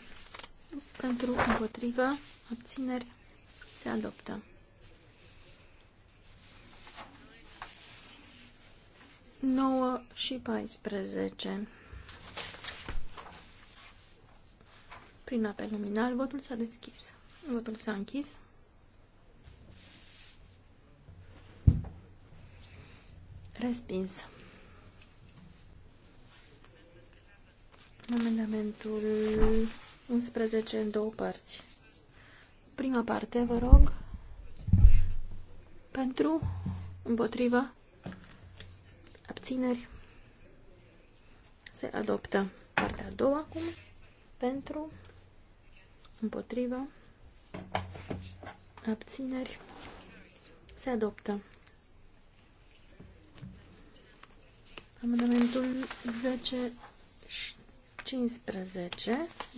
Pentru, împotrivă, abțineri, se adoptă. 9 și 14. Prin apel luminal, votul s-a deschis. Votul s-a închis. Respins. Amendamentul 11 în două părți. Prima parte, vă rog, pentru, împotriva, abțineri, se adoptă. Partea a doua acum, pentru, împotriva, abțineri, se adoptă. Amendamentul 10 și 15,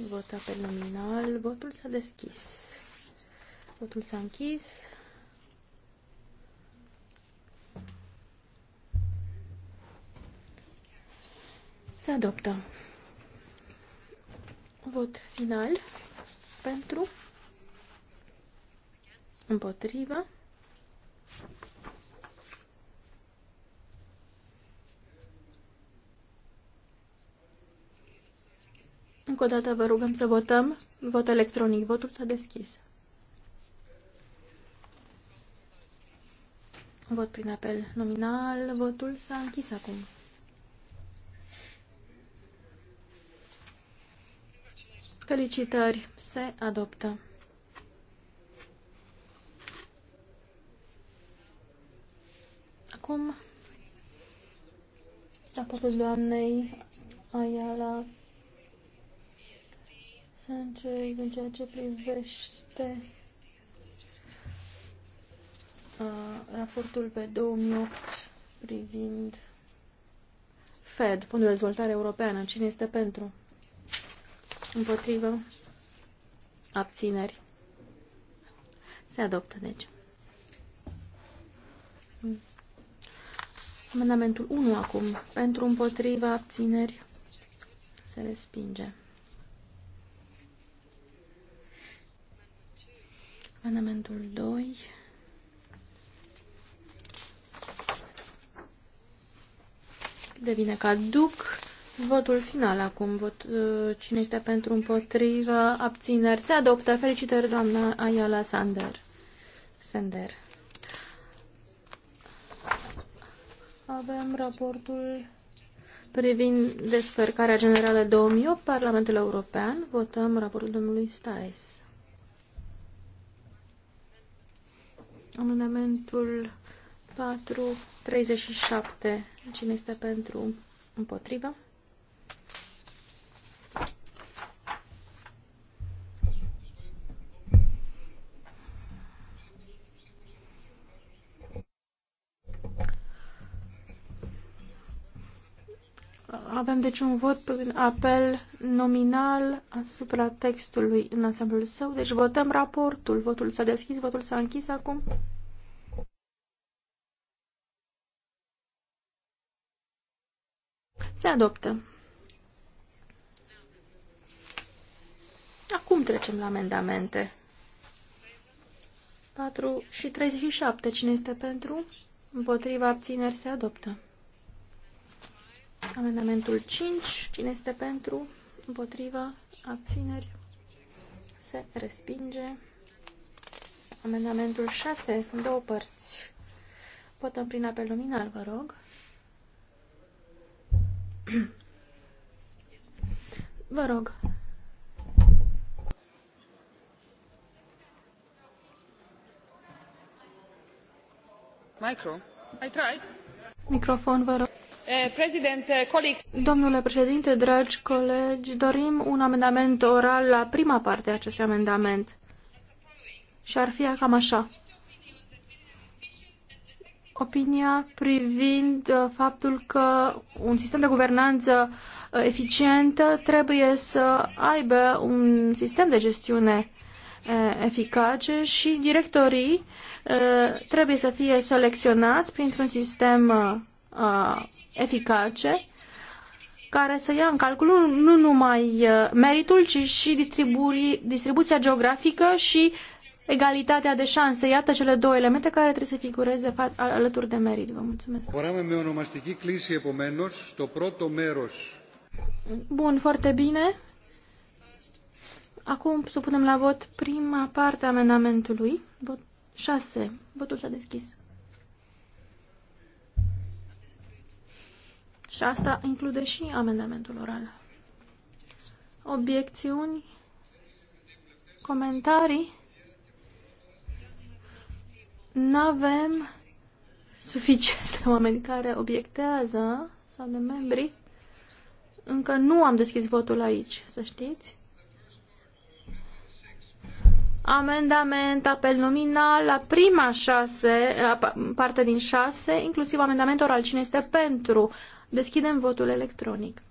Vota pe nominal, votul s-a deschis. Votul s-a închis. Se adoptă. Vot final pentru, împotrivă, Încă o dată vă rugăm să votăm. Vot electronic. Votul s-a deschis. Vot prin apel nominal. Votul s-a închis acum. Felicitări. Se adoptă. Acum, raportul doamnei Ayala Sanchez în ceea ce privește uh, raportul pe 2008 privind Fed, Fondul de Dezvoltare Europeană. Cine este pentru? Împotrivă. Abțineri. Se adoptă, deci. Amendamentul 1 acum. Pentru împotrivă, abțineri se respinge. Amendamentul 2. Devine caduc. Votul final acum. Vot, uh, cine este pentru împotrivă? Abțineri. Se adoptă. Felicitări, doamna Ayala Sander. Sender. Avem raportul privind descărcarea generală 2008, Parlamentul European. Votăm raportul domnului Stais. Amendamentul 437. Cine este pentru împotrivă? Avem deci un vot prin apel nominal asupra textului în ansamblul său. Deci votăm raportul. Votul s-a deschis, votul s-a închis acum. Se adoptă. Acum trecem la amendamente. 4 și 37. Cine este pentru? Împotriva abțineri se adoptă. Amendamentul 5. Cine este pentru? Împotriva? Abțineri? Se respinge. Amendamentul 6. În două părți. Votăm prin apel luminal, vă rog. <clears throat> Vă rog. Micro. I tried. Microfon, vă rog. Eh, eh, Domnule președinte, dragi colegi, dorim un amendament oral la prima parte a acestui amendament. Și ar fi cam așa. Opinia privind eh, faptul că un sistem de guvernanță eficientă trebuie să aibă un sistem de gestiune eficace și directorii trebuie să fie selecționați printr-un sistem eficace care să ia în calcul nu numai uh, meritul, ci și distribuția geografică și egalitatea de șanse. Iată cele două elemente care trebuie să figureze alături de merit. Vă mulțumesc. Bun, foarte bine. Acum supunem la vot prima parte a amendamentului. Vot 6. Votul s-a deschis. Și asta include și amendamentul oral. Obiecțiuni? Comentarii? Nu avem de oameni care obiectează sau de membri. Încă nu am deschis votul aici, să știți. Amendament, apel nominal la prima șase, parte din șase, inclusiv amendament oral. Cine este pentru Deschidem votul electronic.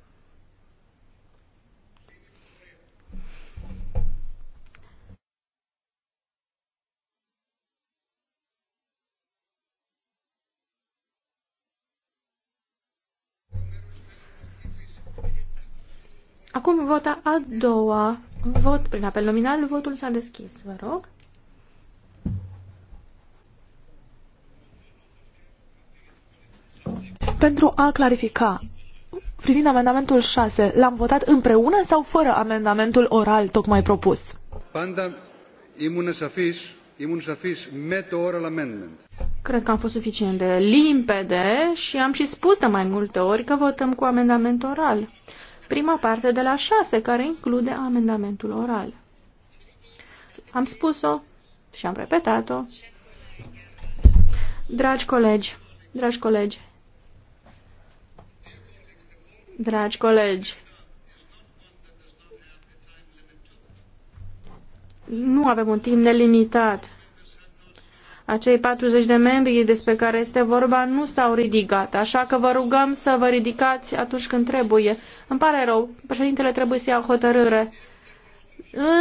Acum vota a doua. Vot prin apel nominal. Votul s-a deschis. Vă rog. pentru a clarifica privind amendamentul 6, l-am votat împreună sau fără amendamentul oral tocmai propus? Panda, imun oral amendment. Cred că am fost suficient de limpede și am și spus de mai multe ori că votăm cu amendament oral. Prima parte de la 6, care include amendamentul oral. Am spus-o și am repetat-o. Dragi colegi, dragi colegi, Dragi colegi, nu avem un timp nelimitat. Acei 40 de membri despre care este vorba nu s-au ridicat, așa că vă rugăm să vă ridicați atunci când trebuie. Îmi pare rău, președintele trebuie să ia o hotărâre.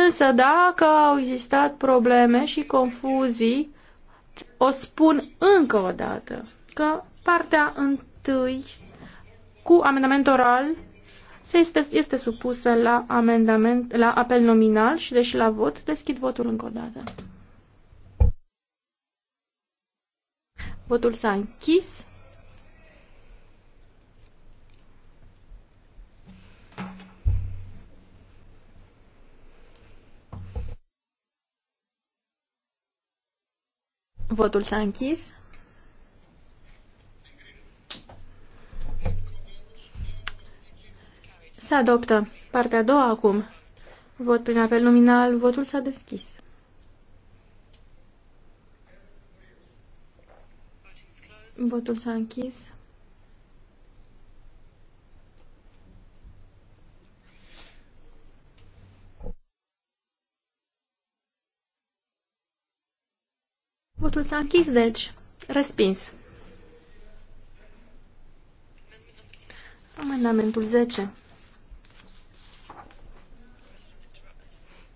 Însă dacă au existat probleme și confuzii, o spun încă o dată că partea întâi cu amendament oral se este, este supusă la, amendament, la apel nominal și deși la vot, deschid votul încă o dată. Votul s-a închis. Votul s-a închis. Se adoptă. Partea a doua acum. Vot prin apel nominal. Votul s-a deschis. Votul s-a închis. Votul s-a închis, deci. Respins. Amendamentul 10.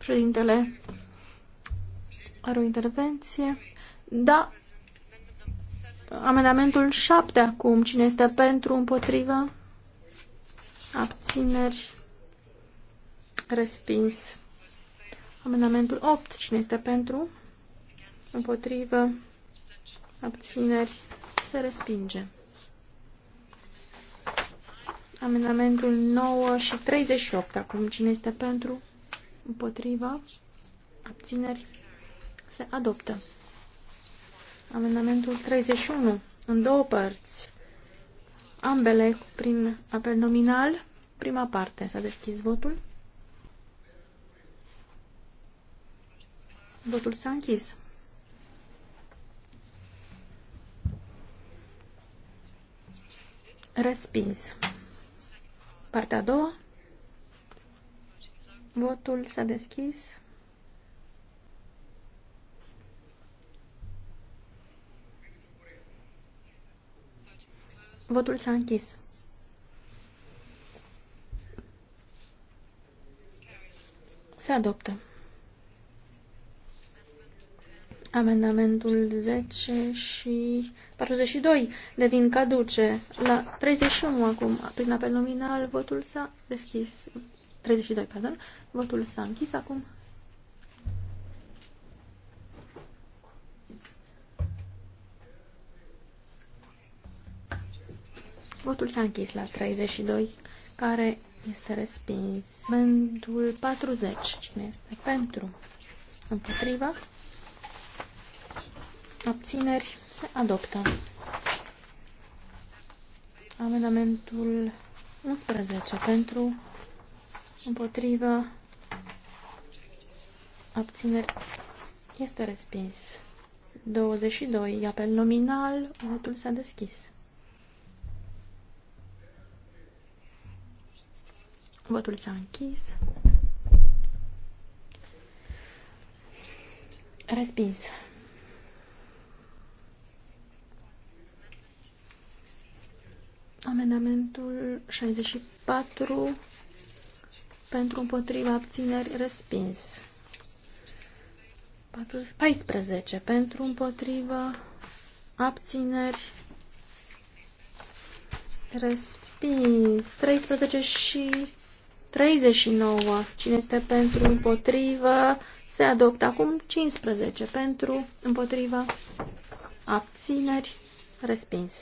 Președintele are o intervenție. Da. Amendamentul 7 acum. Cine este pentru, împotrivă? Abțineri. Respins. Amendamentul 8. Cine este pentru? Împotrivă. Abțineri. Se respinge. Amendamentul 9 și 38. Acum cine este pentru? împotriva, abțineri, se adoptă. Amendamentul 31, în două părți, ambele prin apel nominal, prima parte, s-a deschis votul. Votul s-a închis. Respins. Partea a doua. Votul s-a deschis. Votul s-a închis. Se adoptă. Amendamentul 10 și 42 devin caduce. La 31 acum, prin apel nominal, votul s-a deschis. 32, pardon. Votul s-a închis acum. Votul s-a închis la 32, care este respins. Amendul 40. Cine este pentru? Împotriva. Abțineri. Se adoptă. Amendamentul 11 pentru împotriva abțineri, este respins. 22. Apel nominal, votul s-a deschis. Votul s-a închis. Respins. Amendamentul 64 pentru împotriva abțineri respins. 14 pentru împotriva abțineri respins. 13 și 39. Cine este pentru împotrivă se adoptă. Acum 15 pentru împotriva abțineri respins.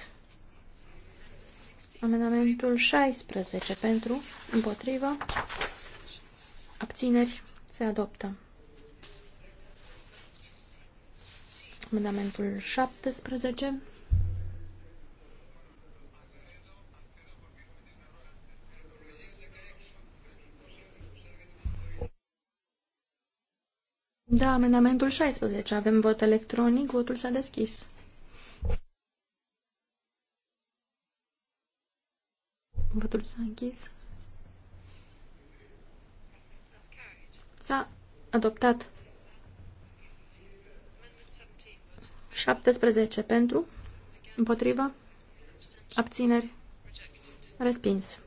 Amendamentul 16 pentru, împotriva, Abțineri. Se adoptă. Amendamentul 17. Da, amendamentul 16. Avem vot electronic. Votul s-a deschis. Votul s-a închis. S-a adoptat 17 pentru, împotrivă, abțineri, respins.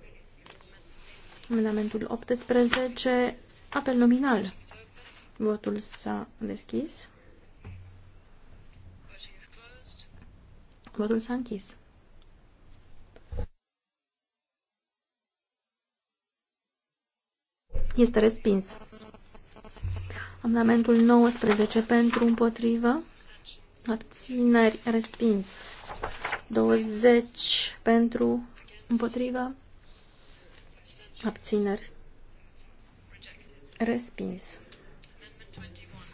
Amendamentul 18, apel nominal. Votul s-a deschis. Votul s-a închis. Este respins. Amendamentul 19 pentru împotrivă. Abțineri respins. 20 pentru împotrivă. Abțineri. Respins.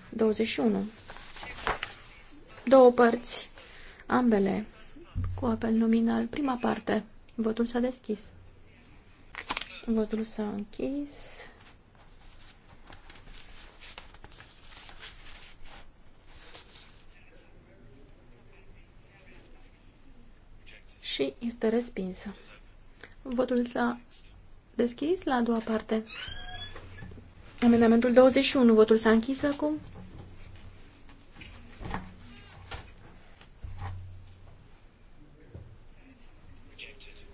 21. Două părți. Ambele cu apel nominal. Prima parte. Votul s-a deschis. Votul s-a închis. și este respinsă. Votul s-a deschis la a doua parte. Amendamentul 21. Votul s-a închis acum.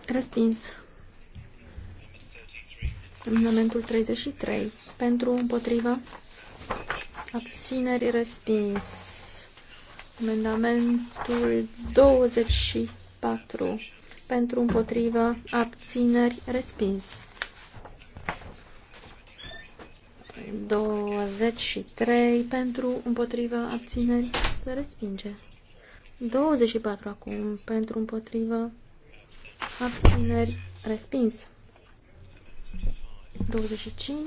Respins. Amendamentul 33. Pentru, împotrivă, abțineri, respins. Amendamentul 23. 4 pentru împotrivă abțineri respins. 23 pentru împotrivă abțineri se respinge. 24 acum pentru împotrivă abțineri respins. 25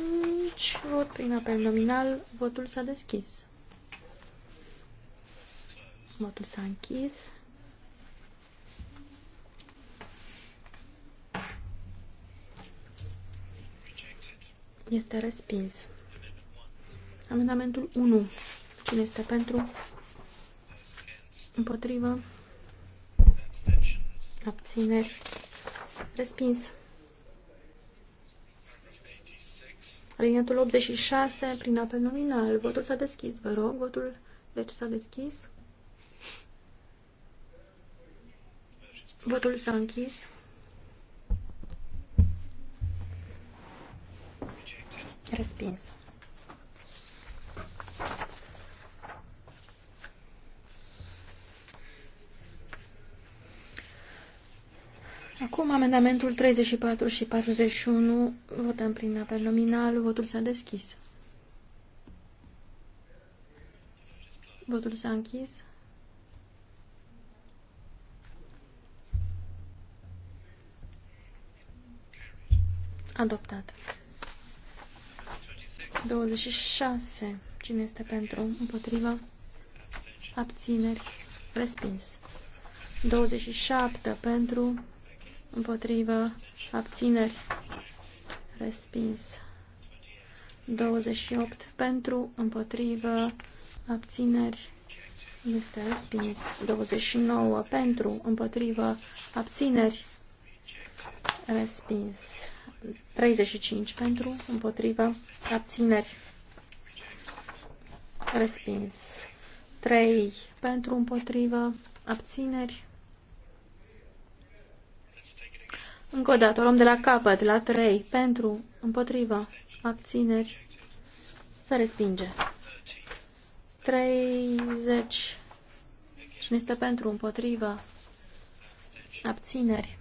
vot prin apel nominal, votul s-a deschis. Votul s-a închis. Este respins. Amendamentul 1. Cine este pentru? Împotrivă? Abțineri? Respins. Alineatul 86, prin apel nominal. Votul s-a deschis, vă rog. Votul, deci, s-a deschis. Votul s-a închis. Respins. Acum amendamentul 34 și 41 votăm prin apel nominal. Votul s-a deschis. Votul s-a închis. Adoptat. 26. Cine este pentru? Împotrivă? Abțineri? Respins. 27. Pentru? Împotrivă? Abțineri? Respins. 28. Pentru? Împotrivă? Abțineri? Este respins. 29. Pentru? Împotrivă? Abțineri? Respins. 35 pentru, împotriva, abțineri. Respins. 3 pentru, împotriva, abțineri. Încă o dată, o luăm de la capăt, la 3, pentru, împotriva, abțineri, să respinge. 30, cine este pentru, împotriva, abțineri,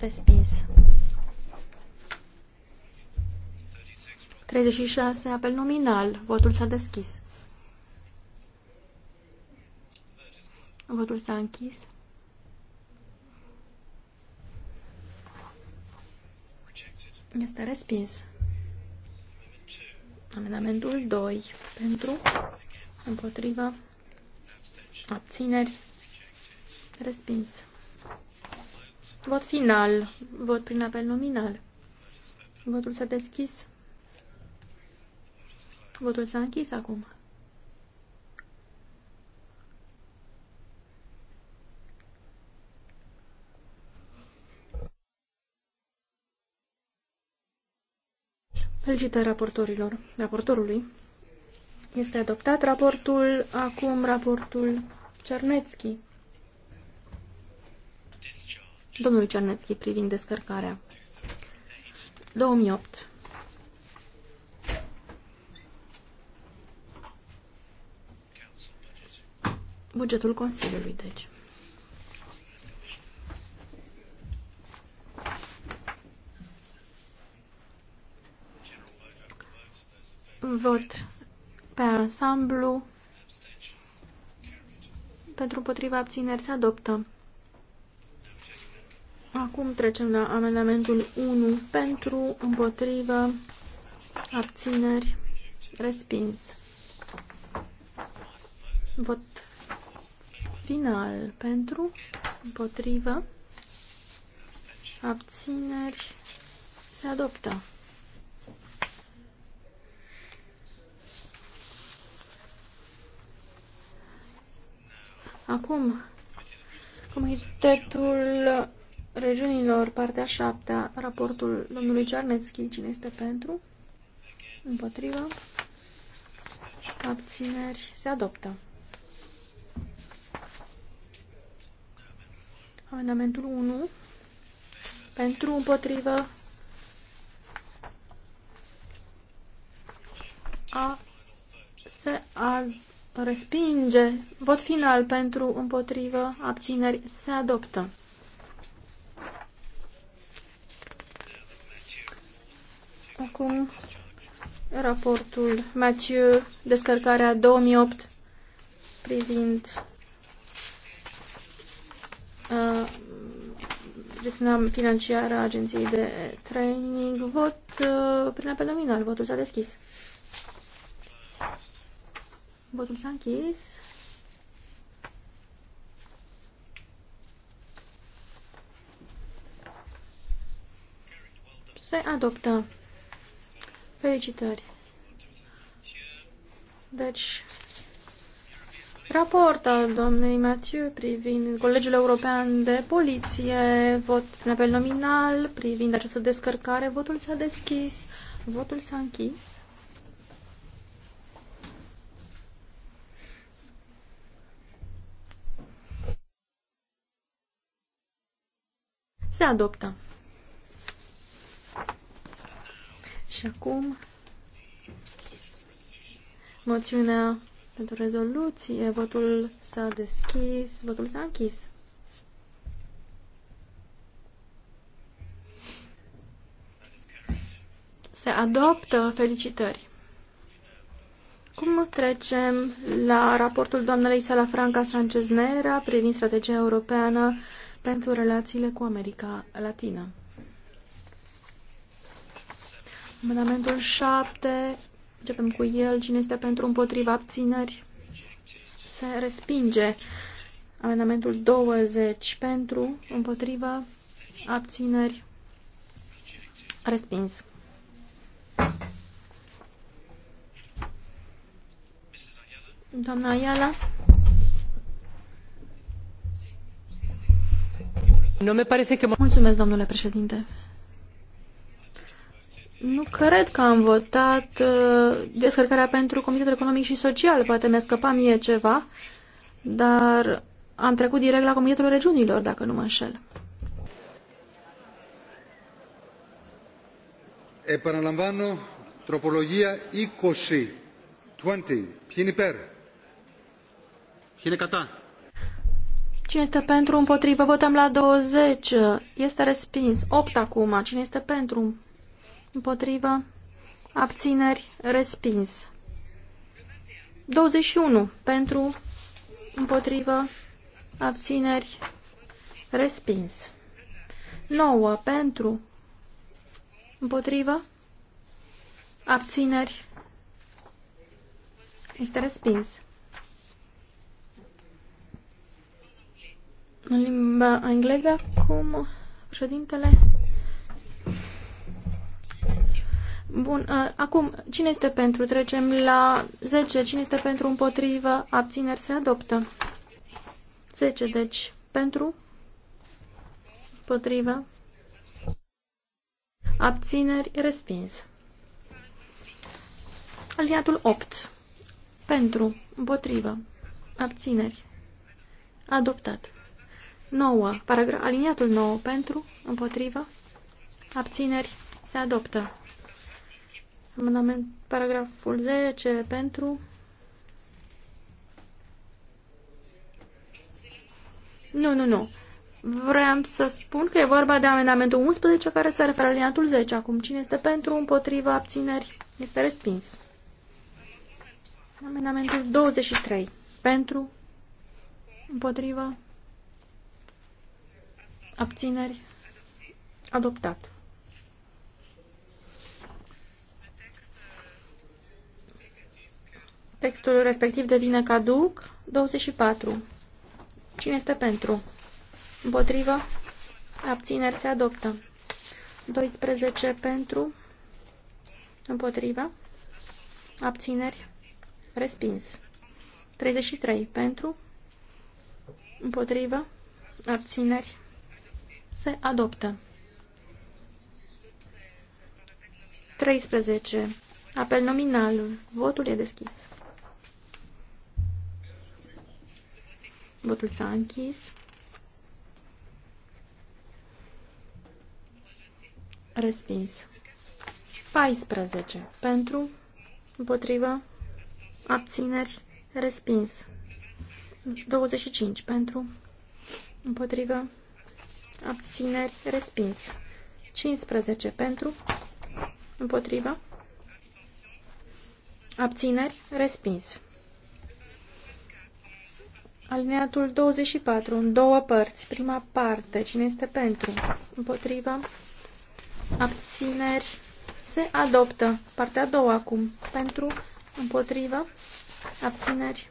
Respins. 36. Apel nominal. Votul s-a deschis. Votul s-a închis. Este respins. Amendamentul 2. Pentru, împotriva. abțineri, respins. Vot final. Vot prin apel nominal. Votul s-a deschis. Votul s-a închis acum. Felicitări raportorilor, raportorului. Este adoptat raportul, acum raportul Cernețchi. Domnul Cernețchi privind descărcarea. 2008. Bugetul Consiliului, deci. Vot pe ansamblu. Pentru potriva abțineri se adoptă. Acum trecem la amendamentul 1 pentru, împotrivă, abțineri, respins. Vot final pentru, împotrivă, abțineri, se adoptă. Acum, comitetul regiunilor, partea 7, raportul domnului Cernețchi, cine este pentru? Împotrivă. Abțineri. Se adoptă. Amendamentul 1. Pentru, împotrivă. A se a respinge. Vot final pentru, împotrivă, abțineri. Se adoptă. acum raportul Mathieu, descărcarea 2008 privind uh, financiară a agenției de training. Vot uh, prin apel nominal. Votul s-a deschis. Votul s-a închis. Se adoptă Felicitări! Deci, raport al doamnei Mathieu privind Colegiul European de Poliție, vot în apel nominal, privind această descărcare, votul s-a deschis, votul s-a închis. Se adoptă. Și acum, moțiunea pentru rezoluție, votul s-a deschis, votul s-a închis. Se adoptă felicitări. Cum trecem la raportul doamnei Sala Franca Sanchez Nera privind strategia europeană pentru relațiile cu America Latină. Amendamentul 7, începem cu el, cine este pentru împotriva abțineri, se respinge. Amendamentul 20, pentru împotriva abțineri, respins. Doamna Ayala. Mulțumesc, domnule președinte. Nu cred că am votat uh, descărcarea pentru Comitetul Economic și Social. Poate mi-a scăpat mie ceva, dar am trecut direct la Comitetul Regiunilor, dacă nu mă înșel. Επαναλαμβάνω, τροπολογία 20. 20. Ποιοι είναι υπέρ. Ποιοι είναι κατά. Cine este pentru împotrivă? Votăm la 20. Este respins. 8 acum. Cine este pentru împotrivă, abțineri, respins. 21 pentru, împotrivă, abțineri, respins. 9 pentru, împotrivă, abțineri, este respins. În limba engleză, cum președintele Bun, uh, acum, cine este pentru? Trecem la 10. Cine este pentru împotrivă? Abțineri se adoptă. 10, deci, pentru? Împotrivă? Abțineri respins. Aliatul 8. Pentru, împotrivă, abțineri. Adoptat. 9. Paragra aliniatul 9. Pentru, împotrivă, abțineri. Se adoptă. Amendament paragraful 10 pentru. Nu, nu, nu. Vreau să spun că e vorba de amendamentul 11 care se referă la liniatul 10. Acum, cine este pentru, împotriva, abțineri, este respins. Amendamentul 23. Pentru, împotriva, abțineri, adoptat. Textul respectiv devine caduc. 24. Cine este pentru? Împotrivă? Abțineri se adoptă. 12 pentru? Împotrivă? Abțineri? Respins. 33 pentru? Împotrivă? Abțineri? Se adoptă. 13. Apel nominal. Votul e deschis. Botul s-a închis. Respins. 14. Pentru, împotrivă, abțineri, respins. 25. Pentru, împotrivă, abțineri, respins. 15. Pentru, împotrivă, abțineri, respins. Alineatul 24, în două părți. Prima parte, cine este pentru? Împotriva. Abțineri. Se adoptă. Partea a doua acum. Pentru, împotriva. Abțineri.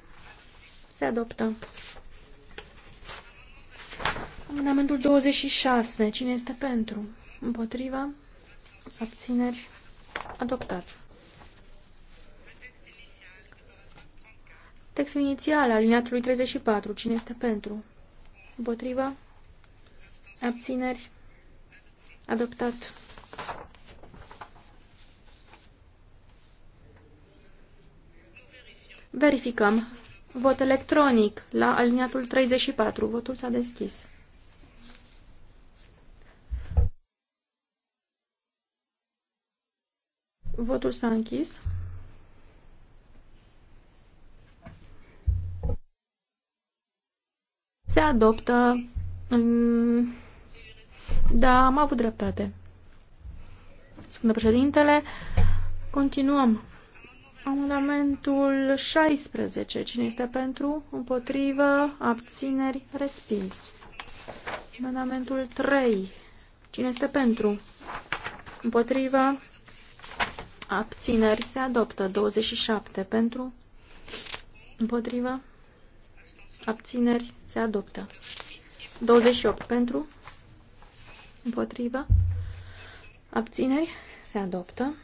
Se adoptă. Amendamentul 26. Cine este pentru? Împotriva? Abțineri? Adoptat. Textul inițial, aliniatului 34. Cine este pentru? Împotriva? Abțineri? Adoptat. Verificăm. Vot electronic la aliniatul 34. Votul s-a deschis. Votul s-a închis. se adoptă. Da, am avut dreptate. Spune președintele. Continuăm. Amendamentul 16. Cine este pentru? Împotrivă? Abțineri? Respins. Amendamentul 3. Cine este pentru? Împotrivă? Abțineri? Se adoptă. 27. Pentru? Împotrivă? Abțineri? Se adoptă. 28 pentru. Împotrivă. Abțineri. Se adoptă.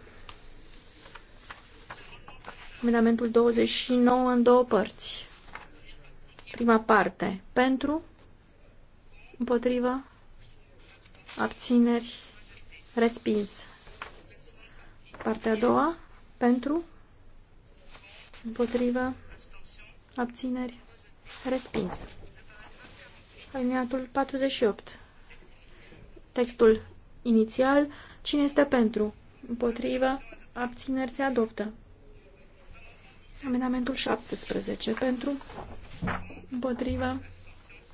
Amendamentul 29 în două părți. Prima parte. Pentru. Împotrivă. Abțineri. Respins. Partea a doua. Pentru. Împotrivă. Abțineri. Respins alineatul 48. Textul inițial, cine este pentru? Împotrivă, abțineri se adoptă. Amendamentul 17 pentru, împotrivă,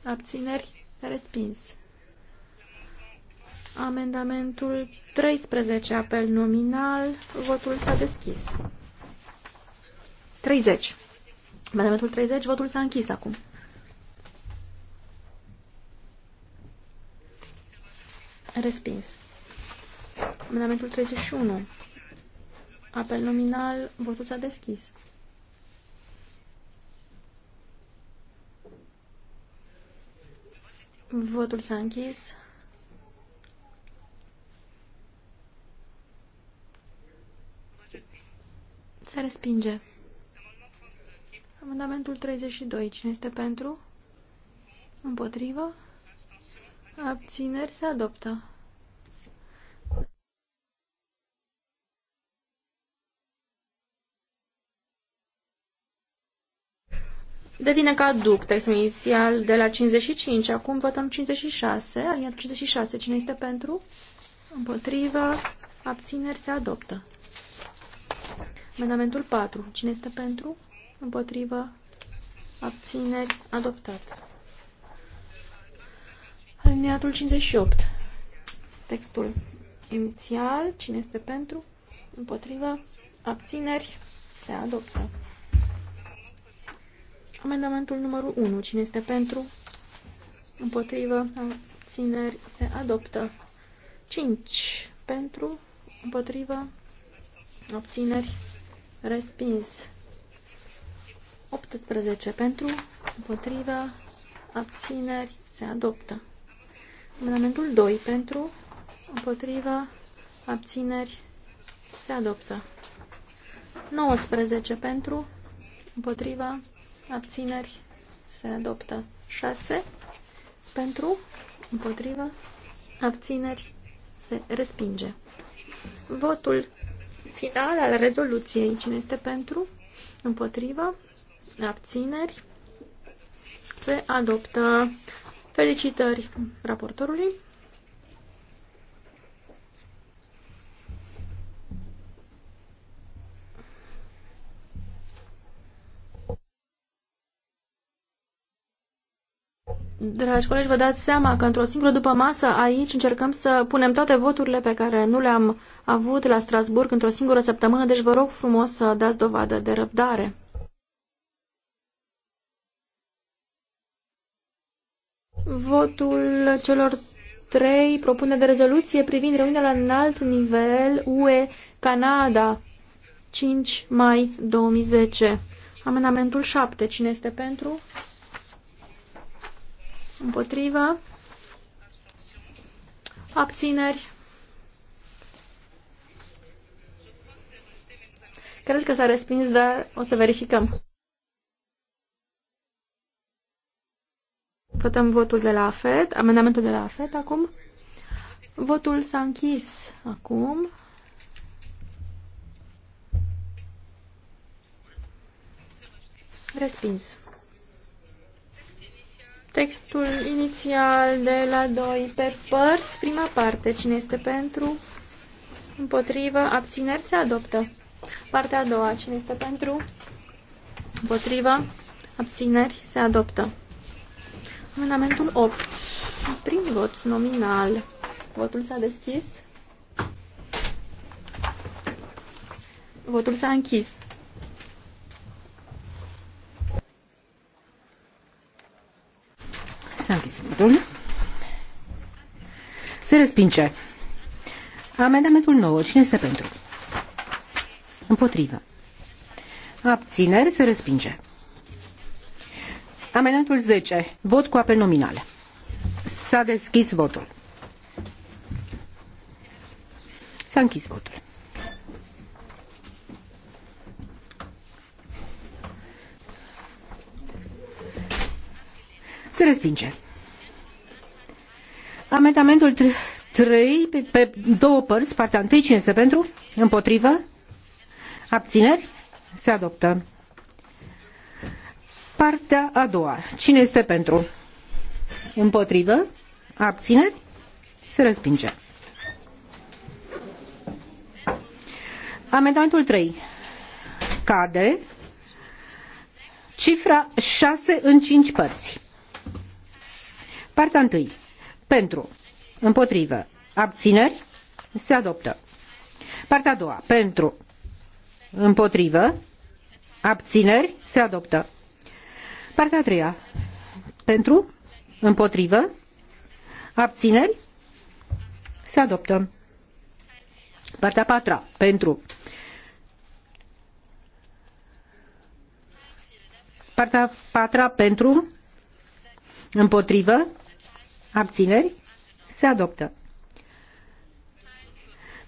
abțineri respins. Amendamentul 13, apel nominal, votul s-a deschis. 30. Amendamentul 30, votul s-a închis acum. Respins. Amendamentul 31. Apel nominal, votul s-a deschis. Votul s-a închis. Se respinge. Amendamentul 32. Cine este pentru? Împotrivă? Abțineri se adoptă. Devine caduc textul inițial de la 55, acum votăm 56, aliniat 56, cine este pentru? Împotrivă. abțineri se adoptă. Amendamentul 4, cine este pentru? Împotrivă. abțineri, adoptat. Alineatul 58. Textul inițial. Cine este pentru? Împotriva. Abțineri. Se adoptă. Amendamentul numărul 1. Cine este pentru? Împotrivă. Abțineri. Se adoptă. 5. Pentru. Împotrivă. Abțineri. Respins. 18. Pentru. Împotrivă. Abțineri. Se adoptă. Amendamentul 2 pentru, împotriva, abțineri, se adoptă. 19 pentru, împotriva, abțineri, se adoptă. 6 pentru, împotriva, abțineri, se respinge. Votul final al rezoluției. Cine este pentru? Împotriva? Abțineri? Se adoptă. Felicitări raportorului. Dragi colegi, vă dați seama că într-o singură după masă aici încercăm să punem toate voturile pe care nu le-am avut la Strasburg într-o singură săptămână, deci vă rog frumos să dați dovadă de răbdare. votul celor trei propune de rezoluție privind reuniunea la înalt nivel UE-Canada 5 mai 2010. Amendamentul 7. Cine este pentru? Împotrivă? Abțineri? Cred că s-a respins, dar o să verificăm. Votăm votul de la AFET, amendamentul de la AFET acum. Votul s-a închis acum. Respins. Textul inițial de la 2 pe părți, prima parte, cine este pentru, împotrivă, abțineri, se adoptă. Partea a doua, cine este pentru, împotrivă, abțineri, se adoptă. Amendamentul 8. Prim vot nominal. Votul s-a deschis. Votul s-a închis. S-a închis votul. Se respinge. Amendamentul 9. Cine este pentru? Împotrivă. Abțineri se respinge. Amendamentul 10. Vot cu apel nominal. S-a deschis votul. S-a închis votul. Se respinge. Amendamentul 3 pe, pe două părți, partea 1, cine este pentru? Împotrivă? Abțineri? Se adoptă. Partea a doua. Cine este pentru? Împotrivă? Abțineri? Se respinge. Amendamentul 3. Cade cifra 6 în 5 părți. Partea 1. Pentru. Împotrivă. Abțineri. Se adoptă. Partea a doua. Pentru. Împotrivă. Abțineri. Se adoptă. Partea a treia. Pentru? Împotrivă? Abțineri? Se adoptă. Partea a patra. Pentru? Partea a patra pentru? Împotrivă? Abțineri? Se adoptă.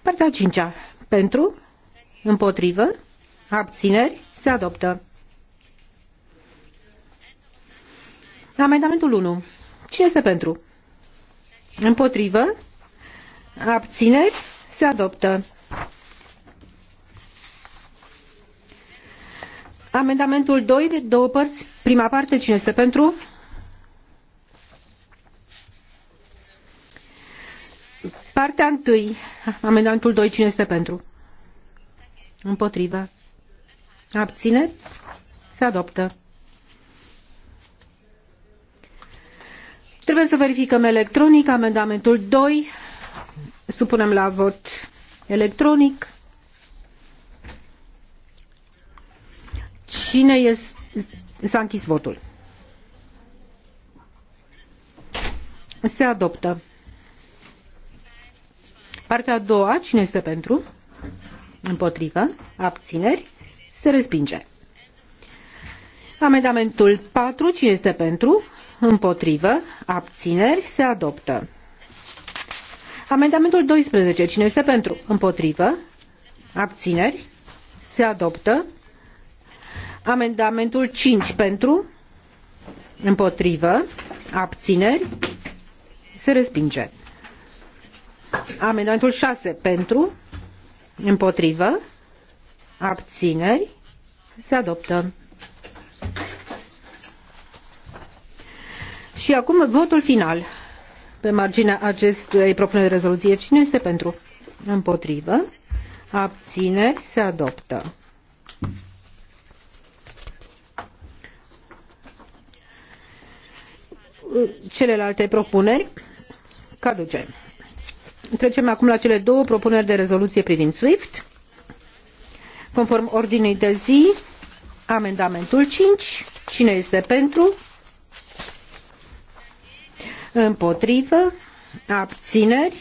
Partea a cincea. Pentru? Împotrivă? Abțineri? Se adoptă. Amendamentul 1. Cine este pentru? Împotrivă? Abțineri? Se adoptă. Amendamentul 2, de două părți. Prima parte, cine este pentru? Partea 1. amendamentul 2, cine este pentru? Împotrivă. Abțineri? Se adoptă. Trebuie să verificăm electronic amendamentul 2. Supunem la vot electronic. Cine este? S-a închis votul. Se adoptă. Partea a doua, cine este pentru? Împotrivă. Abțineri. Se respinge. Amendamentul 4, cine este pentru? Împotrivă. Abțineri. Se adoptă. Amendamentul 12. Cine este pentru? Împotrivă. Abțineri. Se adoptă. Amendamentul 5 pentru. Împotrivă. Abțineri. Se respinge. Amendamentul 6 pentru. Împotrivă. Abțineri. Se adoptă. Și acum votul final pe marginea acestei propuneri de rezoluție. Cine este pentru? Împotrivă. Abțineri se adoptă. Celelalte propuneri caduce. Trecem acum la cele două propuneri de rezoluție privind SWIFT. Conform ordinei de zi, amendamentul 5. Cine este pentru? împotrivă, abțineri,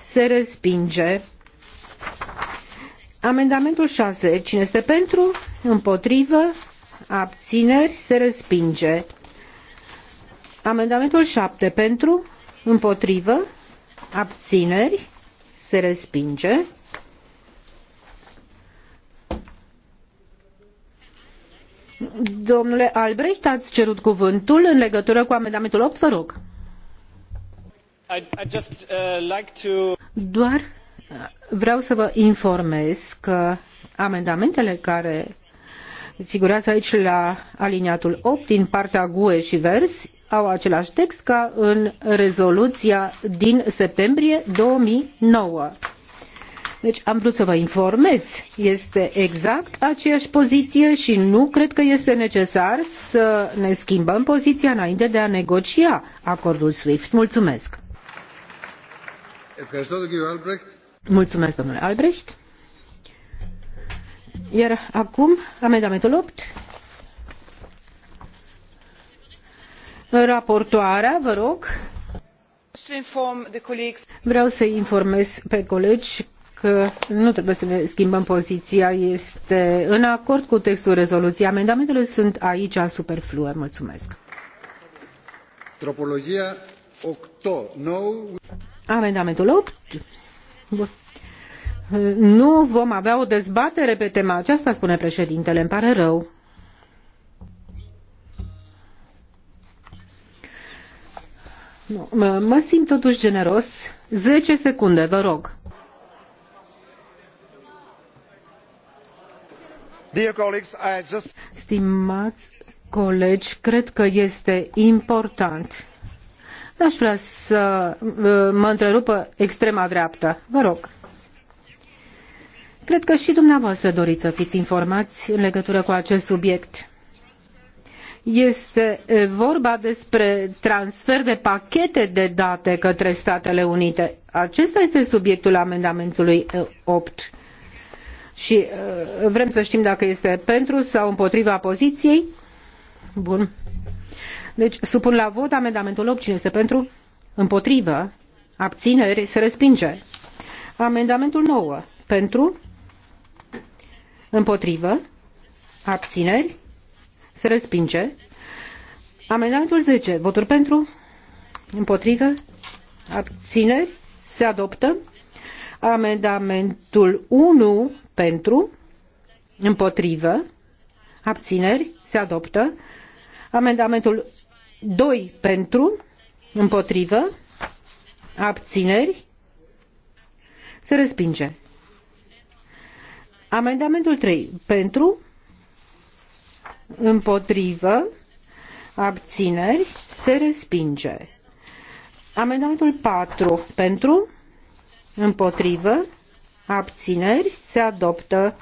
se respinge. Amendamentul 6. Cine este pentru? Împotrivă? Abțineri? Se respinge. Amendamentul 7. Pentru? Împotrivă? Abțineri? Se respinge. Domnule Albrecht, ați cerut cuvântul în legătură cu amendamentul 8, vă rog. Uh, Doar uh, vreau să vă informez că amendamentele care figurează aici la aliniatul 8 din partea GUE și Vers au același text ca în rezoluția din septembrie 2009. Deci am vrut să vă informez, este exact aceeași poziție și nu cred că este necesar să ne schimbăm poziția înainte de a negocia acordul SWIFT. Mulțumesc! Mulțumesc, domnule Albrecht. Iar acum, amendamentul opt Raportoarea, vă rog. Vreau să informez pe colegi că nu trebuie să ne schimbăm poziția. Este în acord cu textul rezoluției. Amendamentele sunt aici superflue. Mulțumesc. Tropologia 8. 9... Amendamentul 8. Bun. Nu vom avea o dezbatere pe tema aceasta, spune președintele. Îmi pare rău. Nu, mă, mă simt totuși generos. 10 secunde, vă rog. Dear colleagues, I just... Stimați colegi, cred că este important N-aș vrea să uh, mă întrerupă extrema dreaptă. Vă rog. Cred că și dumneavoastră doriți să fiți informați în legătură cu acest subiect. Este uh, vorba despre transfer de pachete de date către Statele Unite. Acesta este subiectul amendamentului 8. Uh, și vrem să știm dacă este pentru sau împotriva poziției. Bun. Deci, supun la vot amendamentul 8. Cine este pentru? Împotrivă. Abțineri. Se respinge. Amendamentul 9. Pentru? Împotrivă. Abțineri. Se respinge. Amendamentul 10. Voturi pentru? Împotrivă? Abțineri? Se adoptă. Amendamentul 1 pentru? Împotrivă? Abțineri? Se adoptă. Amendamentul 2 pentru, împotrivă, abțineri, se respinge. Amendamentul 3 pentru, împotrivă, abțineri, se respinge. Amendamentul 4 pentru, împotrivă, abțineri, se adoptă.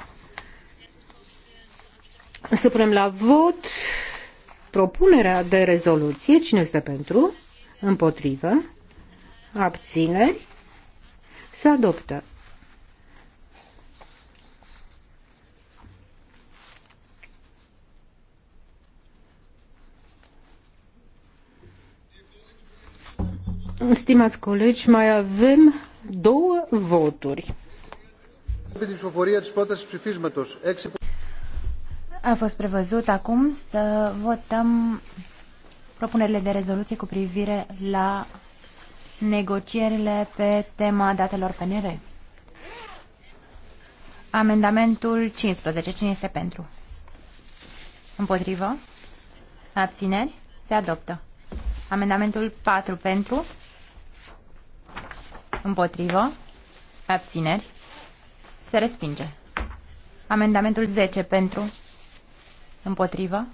Să punem la vot propunerea de rezoluție. Cine este pentru? Împotrivă. Abțineri. Se adoptă. Stimați colegi, mai avem două voturi. Επί την ψηφοφορία της πρότασης ψηφίσματος 6 a fost prevăzut acum să votăm propunerile de rezoluție cu privire la negocierile pe tema datelor PNR. Amendamentul 15. Cine este pentru? Împotrivă? Abțineri? Se adoptă. Amendamentul 4 pentru? Împotrivă? Abțineri? Se respinge. Amendamentul 10 pentru? Împotrivă?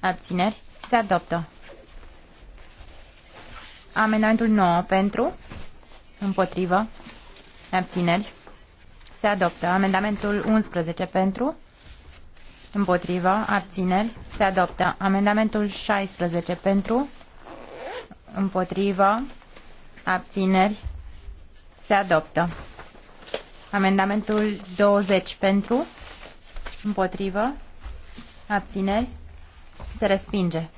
Abțineri? Se adoptă. Amendamentul 9 pentru? Împotrivă? Abțineri? Se adoptă. Amendamentul 11 pentru? Împotrivă? Abțineri? Se adoptă. Amendamentul 16 pentru? Împotrivă? Abțineri? Se adoptă. Amendamentul 20 pentru? Împotrivă? Abțineri? Se respinge.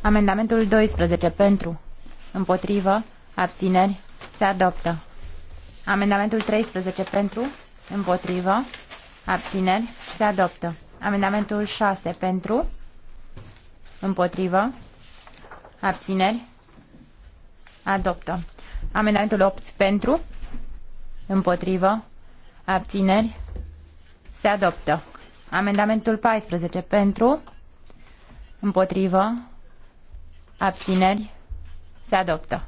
Amendamentul 12 pentru. Împotrivă. Abțineri. Se adoptă. Amendamentul 13 pentru. Împotrivă. Abțineri. Se adoptă. Amendamentul 6 pentru. Împotrivă. Abțineri. Adoptă. Amendamentul 8 pentru. Împotrivă. Abțineri. Se adoptă. Amendamentul 14 pentru, împotrivă, abțineri, se adoptă.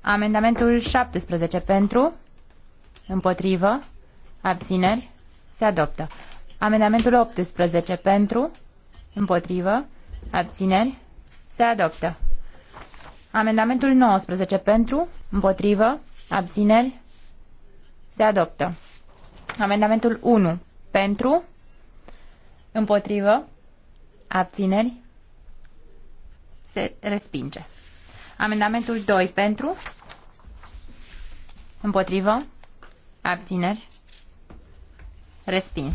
Amendamentul 17 pentru, împotrivă, abțineri, se adoptă. Amendamentul 18 pentru, împotrivă, abțineri, se adoptă. Amendamentul 19 pentru, împotrivă, abțineri, se adoptă. Amendamentul 1 pentru, Împotrivă? Abțineri? Se respinge. Amendamentul 2 pentru? Împotrivă? Abțineri? Respins.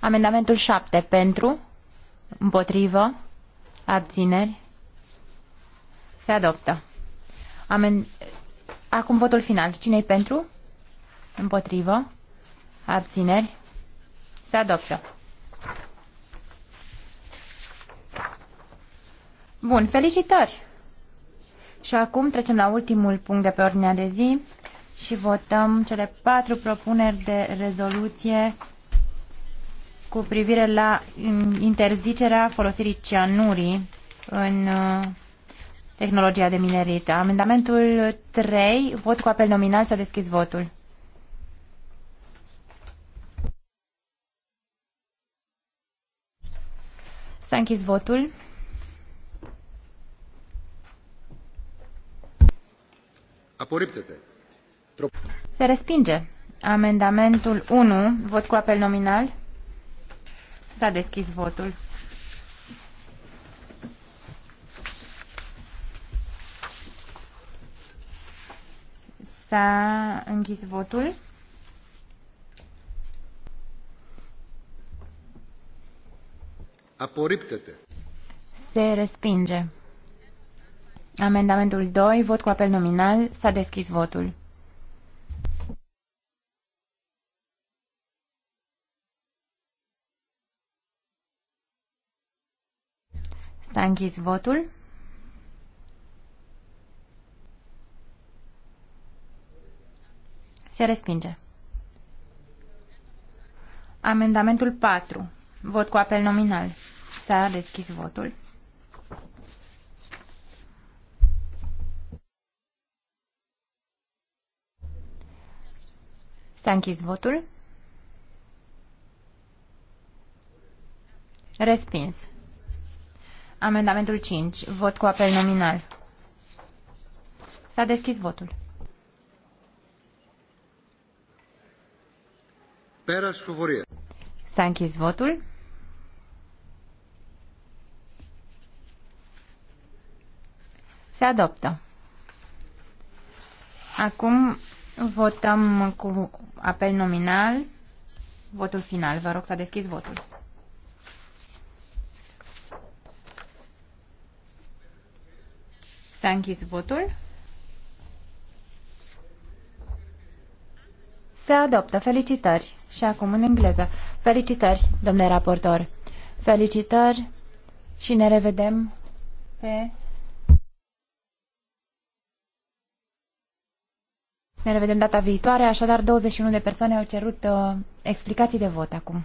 Amendamentul 7 pentru? Împotrivă? Abțineri? Se adoptă. Amen... Acum votul final. Cine-i pentru? Împotrivă? Abțineri? Se adoptă. Bun, felicitări! Și acum trecem la ultimul punct de pe ordinea de zi și votăm cele patru propuneri de rezoluție cu privire la interzicerea folosirii cianurii în uh, tehnologia de minerit. Amendamentul 3, vot cu apel nominal, Să deschis votul. S-a închis votul. Aporiptete. Se respinge. Amendamentul 1, vot cu apel nominal. S-a deschis votul. S-a închis votul. Se respinge. Amendamentul 2, vot cu apel nominal, s-a deschis votul. S-a închis votul. Se respinge. Amendamentul 4. Vot cu apel nominal. S-a deschis votul. S-a închis votul. Respins. Amendamentul 5. Vot cu apel nominal. S-a deschis votul. Peraș Fuvorie. S-a închis votul. Se adoptă. Acum votăm cu apel nominal votul final. Vă rog să deschizi votul. S-a închis votul. Se adoptă. Felicitări. Și acum în engleză. Felicitări, domnule raportor. Felicitări și ne revedem pe Ne revedem data viitoare, așadar 21 de persoane au cerut uh, explicații de vot acum.